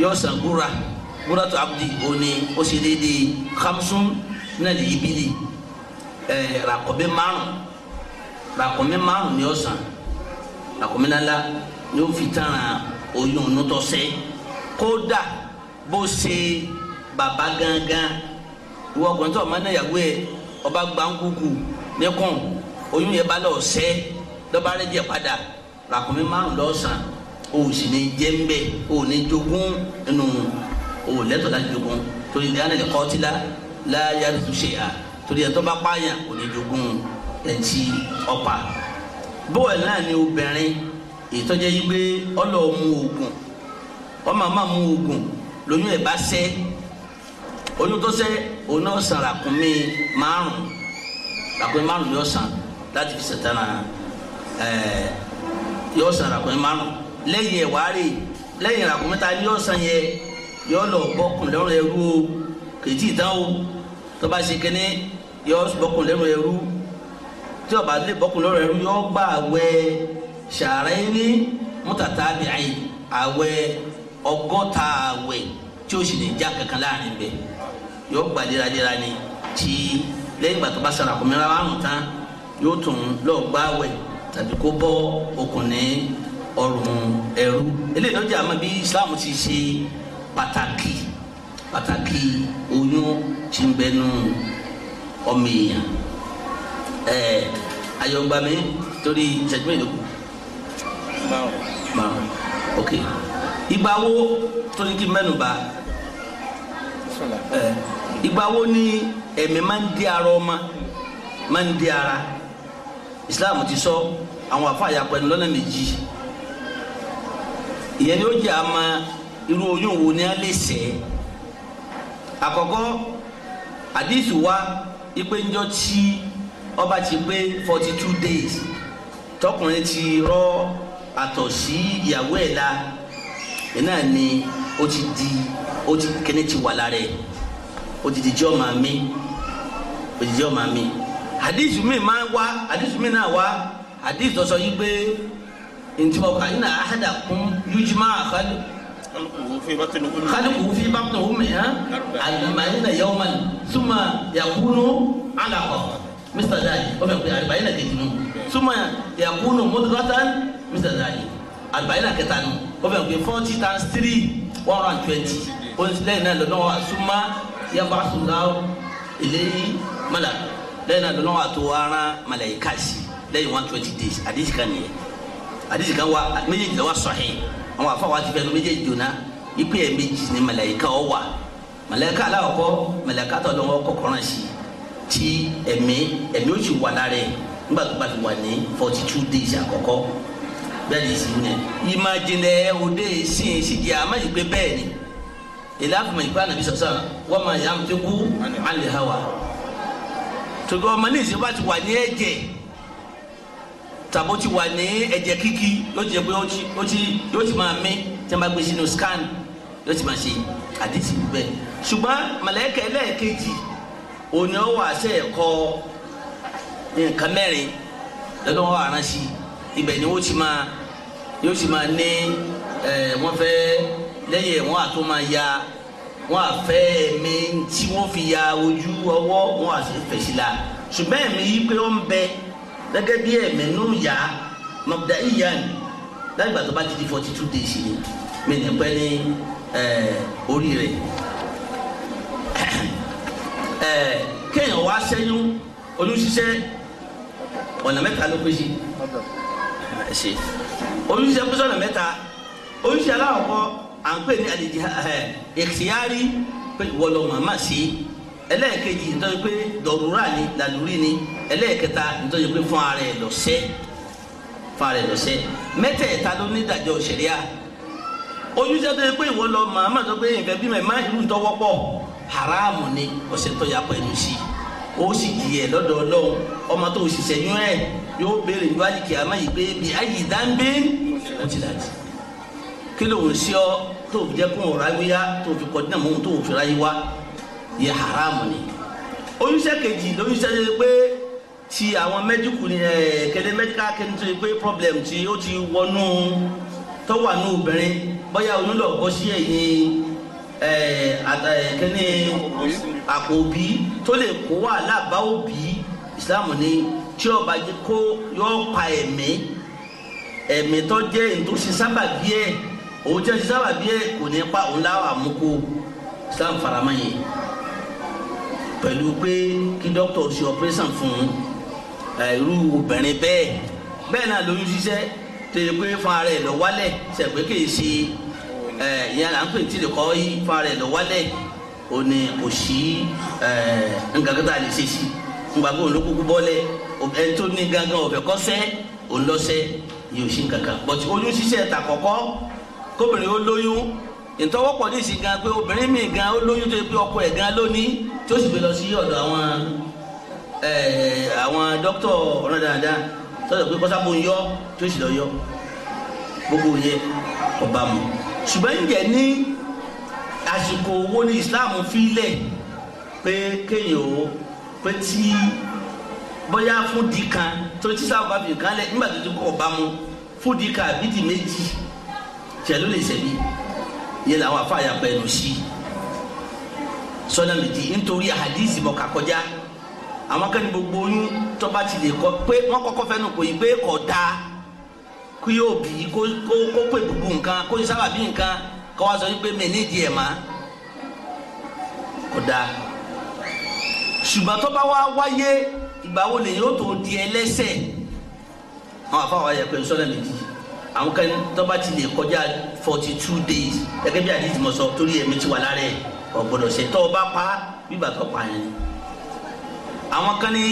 yọ san gbúra gbúra tó abudi òní ó ṣe déédéé hamsun náà ẹ eh, ràkúnmí márùn ràkúnmí márùn ni ó san ràkúnmí lala ni ó fi tán oyún onútọ́sẹ́ kódà bó ṣe bàbá gangan ìwọ ọkùnrin tó ọmọ náà yàgò ẹ ọba gbàǹkùkù nìkan oyún yẹn bá lọ sẹ lọba rẹ jẹ padà ràkúnmí márùn lọ san o sì ní jẹ o ní jogún nínú o lẹtọ láti jogún torí ìdáná lè kọ́ ọtí la láyà tó se à torí ẹni tó bá pààyàn kò ní jogún ẹtì ọ̀pá bóyá náà ni obìnrin ìtọ́jẹ́ yí pé ọlọ́ mu oògùn ọmọ àmà mu oògùn lóyún ẹ̀ bá sẹ́ oyún tó sẹ́ òun náà sàn ràkúnmí márùn ràkúnmí márùn yóò sàn láti fi sẹ̀tánà ẹ̀ẹ́ yóò sàn ràkúnmí márùn lẹ́yìn ẹ̀ wá rè lẹ́yìn ràkúnmí ta yóò sàn yẹ yóò lọ bọ́kùn lọ́rùn ẹrú o kèjì ìdánwò tó bá ṣe kẹ́ni yóò bọ́kùn lẹ́rù ẹrú tí ó bá lè bọ́kùn lẹ́rù ẹrú yóò gba àwẹ̀ ṣàrẹ́ni mọ́tàtàbí àyè àwẹ̀ ọgọta àwẹ̀ tí o sì ní já kankan láàrin bẹ̀ yóò gba léraléra ni tí lẹ́yìn ìgbà tó bá sara kò mìíràn àrùn tán yóò tún lọ́ọ́ gba àwẹ̀ tàbí kó bọ́ ọkùnrin ní ọrùn ẹrú eléyìí ló àmọ́ bí Islam ti ṣe pàtàkì pàtàkì oyún tí ń bẹnu ọmọ èèyàn ẹ ayọ̀ǹgbà mi torí ìṣẹ́jú mélòó márùn ok ìgbà wo torí kí mẹ́nu bá ẹ ìgbà wo ni ẹ̀mí máa ń di ara ọmọ máa ń di ara Islam ti sọ àwọn àfàyà pẹ̀lú lọ́nà méjì ìyẹn ni ó jẹ́ àmọ́ irú oyún wo ni a lè sẹ́ àkọ́kọ́ àdìsí wa ipe ńjọ́ tí ọba ti gbé forty two days tọkùnrin ti rọ àtọ̀ sí ìyàwó ẹ̀ la iná ni ó ti di ó ti kẹ́ni ti wà lára ẹ̀ ó ti di jọ́ màá mi ó ti di jọ́ màá mi hadithu mi máa wá hadithu mi náà wá hadithu tó sọ yí pé ntí wọn kà kún yújú máa خلقه في بطن أمها أربعين يوما ثم يكون علقة مثل ذلك أربعين كتنون ثم يكون مضغة مثل ذلك أربعين كتنون وفي 40 times 3 120 قلت لنا لنوع ثم يبعث الله إليه ملك لنا لنوع توارا ملائكة لين 120 days أديس كان أديس كان هو ميجي لو صحيح àwọn afa wa ti fẹnu méjèèjì jona ipe ẹ méjì ni mẹlẹka ọ wà mẹlẹka aláwọkọ mẹlẹka tó lọ kọ kọràn sí ti ẹmí ẹmí ó sì wà lára ẹ nígbà tó bá fi wà ní forty two days àkọ́kọ́ bẹ́ẹ̀ ni sì ní ìmàjìnlẹ̀ òde sí i sì di àmọ́ ìgbé bẹ́ẹ̀ ni ìlà àfọmọ ìgbà nàbí sọ̀sán wọ́n máa yà á kú alẹ́ hàwà tòkè ọmọ ní ìsìn bá ti wà ní ẹ̀jẹ̀ tàbó ti wà ní ẹ̀jẹ̀ kíkí yóò ti jẹ́ pé yóò ti máa mí tí wọ́n bá gbé sínú scan yóò ti máa ṣe àdìsí bẹ́ẹ̀ ṣùgbọ́n màláíkà ẹlẹ́ẹ̀kejì òní ó wà sẹ́ ẹ̀kọ́ nǹkan mẹ́rin lọ́dọ̀ wọn àrán sí ibẹ̀ ni ó ti máa yóò ti máa ní wọ́n fẹ́ lẹ́yìn ẹ̀ wọ́n àtún máa ya wọ́n àfẹ́ ẹ̀mí tí wọ́n fi ya ojú ọwọ́ wọ́n àfẹ́ sí la ṣùgbọ́n ẹ̀mí yìí pé ó ń bẹ gẹ́gẹ́ bí ẹ̀mí nínú yá mọ̀bìdá ìyá ni lágbà tó bá ti di forty two days ni mi ní pẹ́ ní orí rẹ̀ kéèyàn wá sẹ́yún olùṣiṣẹ́ ọ̀nà mẹ́ta ló pèsè ṣe olùṣiṣẹ́ pèsè ọ̀nà mẹ́ta olùṣiṣẹ́ aláwọ̀ kọ́ à ń pè ní àlejò ẹ̀ẹ́dẹ̀ẹ́sì yárí pé wọ́n lọ màmá sí i ẹlẹ́ẹ̀kejì nítorí pé dọ̀rùrà ni làlùrí ni ẹlẹ́ẹ̀kẹta nítorí pé fún ara ẹ̀ lọ́sẹ̀ fún ara ẹ̀ lọ́sẹ̀ mẹ́tẹ̀ẹ̀ta ló ní ìdájọ́ ṣẹ̀ríà ojúṣe tó yẹ pé ìwọ lọ màmá tó pé ìfẹ́ bímọ ẹ̀ má irú tó wọ́pọ̀ haramu ni ọ̀sẹ̀ tó yà pẹ̀lú sí i ó sì jìyẹ lọ́dọ̀ ọlọ́run ọmọ tó ṣiṣẹ́ yún ẹ̀ yóò béèrè ní wájú kí a má yìí pé bí ayé dáńbé ó ti dàtí kí lóun ṣe ọ tó fi jẹ́ kó o ráyé wá tó fi kọ́ dínà mọ́ tó fi ráyé wá yẹ haramu ni oyúnṣẹ́ kejì lóyúnṣẹ́ ṣe pé ti àwọn mẹ́díkù ni ẹ̀ kẹ́lẹ́ mẹ́díkà kẹ́ni tó ṣe pé problem ti ó ti wọnú tọ́wà ní obìnrin bóyá onílọ̀ bọ́ sí ẹ̀yìn kẹ́ni àpò òbí tó lè kó wàhálà bá òbí ìsìláàmù ni tí ọba jẹ kó yọ pa ẹ̀mí ẹ̀mí tó jẹ́ ìtòsí sábàbí ẹ̀ òun jẹ́ sábàbí ẹ̀ kò ní pa òun láwà mú kó islam faramá yẹn pẹ̀lú pé kí dókítà ṣe operation fún irú obìnrin bẹ́ẹ̀ bẹ́ẹ̀ náà lóyún ṣiṣẹ́ tẹ̀lé pé fún ara ẹ̀ lọ wálẹ̀ ṣẹ̀pẹ́ kì í ṣe ìyẹn là ń pè tí lè kọ́ yí fún ara ẹ̀ lọ wálẹ̀ ó ní kò sí nǹkan kan tá a lè ṣe sí gbàgbọ́ òun ló kúkú bọ́lẹ̀ ẹni tó ní gangan ọ̀fẹ́ kọ́sẹ́ òun lọ́sẹ̀ yóò ṣe nǹkan kan bọ̀tí olóyún ṣiṣẹ́ tàkọ́kọ́ kóbìnrin ó lóyún ìtọ́wọ́pọ̀ ní ìsìn gan pé obìnrin mi gan ó lóyún tó yẹ pé ọkọ ẹ̀ gan lónìí tí ó sì gbé lọ sí ọ̀dọ̀ àwọn àwọn dókítà ọ̀ràn dáadáa tọ́jú pé kọ́sábó ń yọ tó sì lọ yọ gbogbo yẹ ọba mu ṣùgbọ́n ń jẹ́ ní àsìkò owó ní Islam fílẹ̀ pé kéèyàn ó pé tí bóyá fún di kan tó ti sáà bá kan lẹ̀ nígbà tó ti kọ́ ọba mu fún di kan àbí méjì tẹ̀lú lè ṣẹ̀bi yẹn làwọn afa yà pẹ̀lú sí sọ́nà méjì nítorí àdìsí mọ̀ká kọjá àwọn akẹ́ni gbogbo oyún tọ́ba ti lè kọ́ pé wọ́n kọ́kọ́ fẹ́ nù kò yí pé kò da kí yóò bí kó kó pè gbogbo nǹkan kó yí sábà bí nǹkan kó wá sọ wípé mi ní ìdí ẹ̀ má kò da ṣùgbọ́n tọ́ba wa wáyé ìgbà wo lè yóò tó di ẹlẹ́sẹ̀ àwọn afa wa yà pẹ̀lú sọ́nà méjì àwọn kan tó bá ti lè kọjá forty two days gẹ́gẹ́ bí àdìsí mọ̀ sọ torí ẹ̀mí ti wà lára ẹ̀ ọ̀gbọ́dọ̀ ṣe tọ́ ọ bá pa bíbà tó pa yẹn ni. àwọn kan ní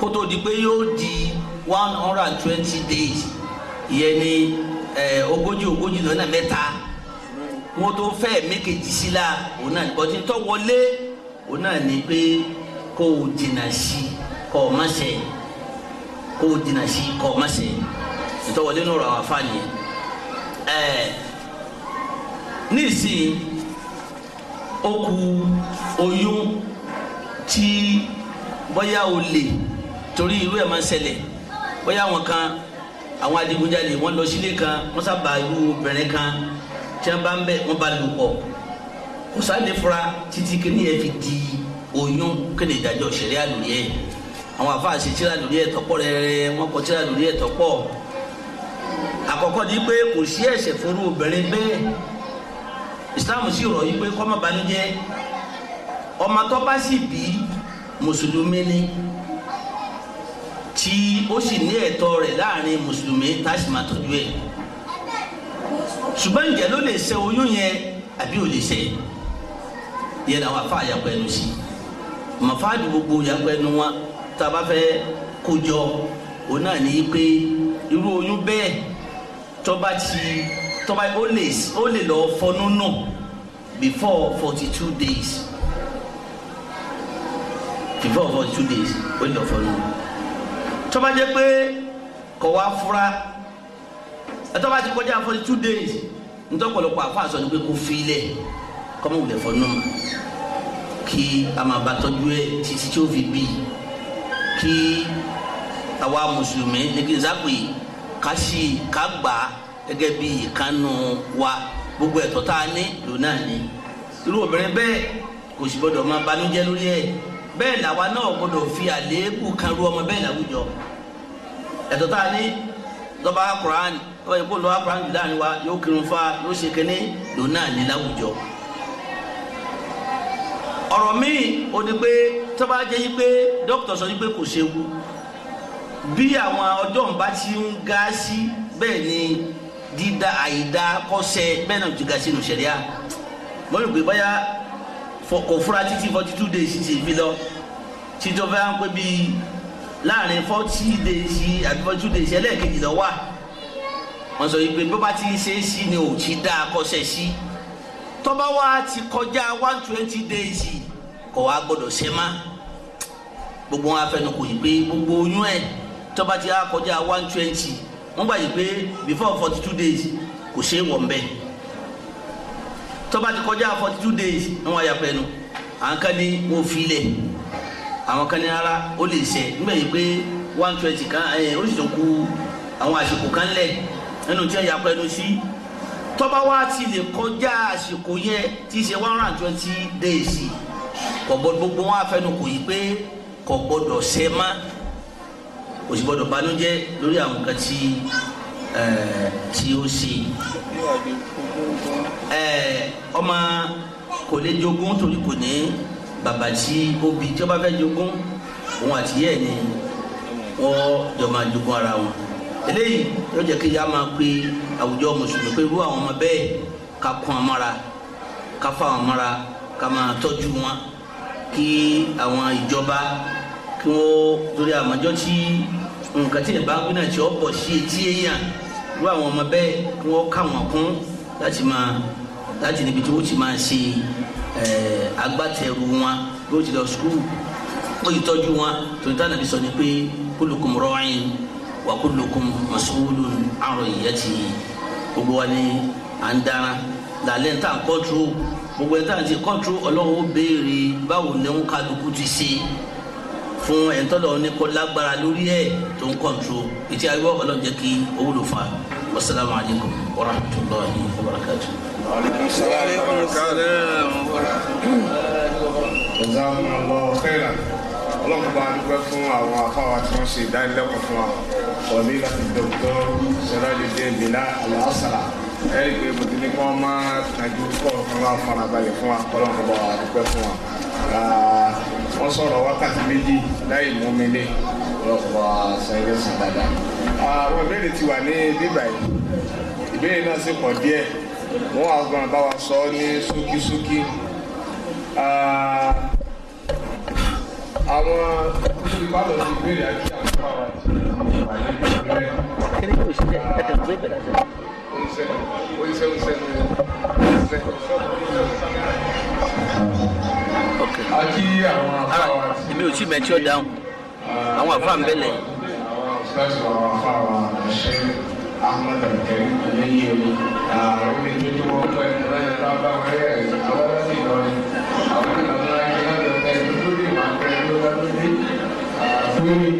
kótó di pé yóò di one hundred and twenty days ìyẹn ní eh, ogójì ogójì lọ́nà mẹ́ta wọn tó fẹ́ mékejì sí la òun náà nìkan tí tọ́ wọlé òun náà ní pé kó o jìnnà sí kó o má ṣe kó o jìnnà sí kó o má ṣe ìtọ́wọlé ní ọ̀rọ̀ àwọn afáàní ẹ̀ nísìnyí ó ku oyún tí bóyá o lè torí irú ẹ̀ máa ń ṣẹlẹ̀ bóyá àwọn kan àwọn adigunjalè wọ́n lọ sílé kan wọ́n sábà irú obìnrin kan tí wọ́n bá ń bẹ̀ wọ́n bá lò pọ̀ kò fura títí kí ni ẹ fi di oyún kí ni ìdájọ́ ṣẹlẹ̀ àlùyẹ àwọn àfáà ṣe tíra lórí ẹ̀tọ́ pọ̀ rẹ́rẹ́ wọ́n kọ tíra lórí ẹ̀tọ́ pọ̀ àkọ́kọ́ ni pé kò sí ẹ̀ṣẹ̀ fún obìnrin bẹ́ẹ̀ islam sì rọ̀ yìí pé kọ́mọ ọmọ tó bá sì bí ni tí ó sì ní ẹ̀tọ́ rẹ̀ láàrin mùsùlùmí tásìmá tọ́jú ẹ̀ ṣùgbọ́n ǹjẹ́ ló lè ṣe oyún yẹn àbí ò lè ṣe yẹn làwọn àyàpọ̀ ẹnu sí mọ̀fáàdì gbogbo àyàpọ̀ ẹnu wọn tá a bá fẹ́ kó jọ òun náà tọ́ba ti tọ́ba ó lè ó lè lọ fọnú nù before forty two days before forty two days ó lè lọ fọnú nù tọ́ba jẹ́ pé kọ̀ wá fura tọ́ba ti kọjá forty two days ntọ́pọ̀lọpọ̀ àfa àsọ ni pé kò fi ilẹ̀ kọ́mọ wulẹ̀ fọnú nù kí a máa bá tọ́jú ẹ títí tí ó fi bí kí àwa mùsùlùmí ní kí n sáà pè é. Kasi sí i ká ìkànnù wa gbogbo ẹ̀tọ́ tá a ní lò náà ni irú obìnrin bẹ́ẹ̀ kò sì gbọdọ̀ máa banújẹ́ lórí ẹ̀ bẹ́ẹ̀ làwa náà gbọdọ̀ fi àléébù kan ru ọmọ bẹ́ẹ̀ láwùjọ ẹ̀tọ́ tá a ní lọ́ba Kùránì lọ́ba yìí lọ́ba Kùránì jù láàrin wa yóò kírun fa yóò ṣe kínní lò náà ní láwùjọ ọ̀rọ̀ míì ó ní pé tọ́ba jẹ́ yí pé dókítà sọ yí pé kò ṣewu bí àwọn ọjọ́ ń bá ti ń ga sí bẹ́ẹ̀ ni dídá àyídá kọ́sẹ̀ bẹ́ẹ̀ náà ti ga sínú sẹ̀ríà mo rò pé báyà kò fura títí forty two days ti fi lọ títọ́ fẹ́ pé bíi láàrin forty days àti forty two days ẹlẹ́ẹ̀kejì lọ wà wọ́n sọ wípé bí ó bá ti ṣe é sí ni ò ti dá kọ́sẹ̀ sí tọ́ba wa ti kọjá one twenty days kò wá gbọ́dọ̀ ṣe má gbogbo wọn afẹnukò yìí pé gbogbo oyún ẹ̀ tó bá ti á kọjá one twenty wọ́n gbà yìí pé before forty two days kò ṣeé wọ̀ ń bẹ̀ tó ti kọjá forty two days wọ́n á yà pẹ́nu àwọn kan ní wọ́n fi lẹ̀ àwọn kan ní ara ó lè ṣẹ nígbà yìí pé one twenty kan ẹ̀ oríṣiríṣi kú àwọn àsìkò kan lẹ̀ nínú tí wọ́n yà pẹ́nu sí tó bá ti lè kọjá àsìkò yẹn tí ṣe one hundred twenty days kò gbọdọ̀ gbogbo wọn afẹnukò yìí pé kò gbọdọ̀ ṣẹ mọ́ kò sì gbọdọ̀ banújẹ́ lórí àwọn nǹkan tí tí ó ṣe ọmọ kò lè jogún torí kò ní bàbá tí ó bí tí ó bá fẹ́ jogún òun àti yẹ́ ni wọ́n jọ máa jogún ara wọn eléyìí yóò jẹ́ kí ya máa pe àwùjọ mùsùlùmí pé irú àwọn ọmọ bẹ́ẹ̀ ká kún amára ká fà wọn mọ́ra ká máa tọ́jú wọn kí àwọn ìjọba kí wọ́n torí àmọ́jọ́ tí nǹkan tí ìbá gbé náà tí ó bọ̀ sí etí èèyàn irú àwọn ọmọ bẹ́ẹ̀ kí wọ́n kà wọ́n kún láti máa láti níbi tí wọ́n ti máa ṣe agbátẹrù wọn bí wọ́n ti lọ sukúù ó yìí tọ́jú wọn torí táwọn àbí sọ ni pé kulukum ra'in wa kulukum mas'ulun an ra'iyatihi gbogbo wa ni à ń dára làlẹ́ ń tà ń kọ́ńtró gbogbo ẹ̀ tà ń ti kọ́ńtró ọlọ́run ó béèrè báwo ni ń kálukú ti ṣe fún ẹ̀ńtọ́lọ̀ ní kó lágbára lórí ẹ̀ tó ń kọ̀ǹtò etí ayé ọlọ́run jẹ́ kí owó ló fa wasalaamu alaykum wa rahmatulahi wa barakatu. aleykum salaam wa rahmatulahi. jazakum allah khairan ọlọ́run bá dúpẹ́ fún àwọn afáwa tí wọ́n ṣe ìdánilẹ́kọ̀ọ́ fún wa wọlé láti dọ́kítọ́ sẹ́rọ̀lẹ́dẹ́ bílá aláṣàlá ẹ̀rí pé mùtúni kan máa tàjú kọ́ ọ̀kan wá farabalẹ̀ fún wa ọlọ́run bá dúpẹ́ fún wa wọ́n sọ̀rọ̀ wákàtí méjì láì mú mi lé. ọlọ́pàá sẹ́yìn sàn dáadáa. àwọn ìbéèrè ti wà ní bíbà yìí ìbéèrè náà sì pọ̀ díẹ̀ wọ́n á gbọ́n bá wa sọ ọ́ ní ṣókíṣókí. àwọn ìbálò ti béèrè àti àwọn ọmọ wa ti wà ní ìbílẹ̀. kí ni kò sí jẹ́ ẹ̀ka tó bẹ̀rẹ̀ sẹ́yìn. oníṣẹ́ oníṣẹ́ oníṣẹ́ oníṣẹ́ oníṣẹ́ oníṣẹ́ oníṣẹ́ oníṣẹ́ àti àwọn afá wa ah, ti. èmi ò tí mẹ́tí ọ̀ dáhùn ah, àwọn afá ń bẹ̀lẹ̀. Ahmed Abdul ah, Yeye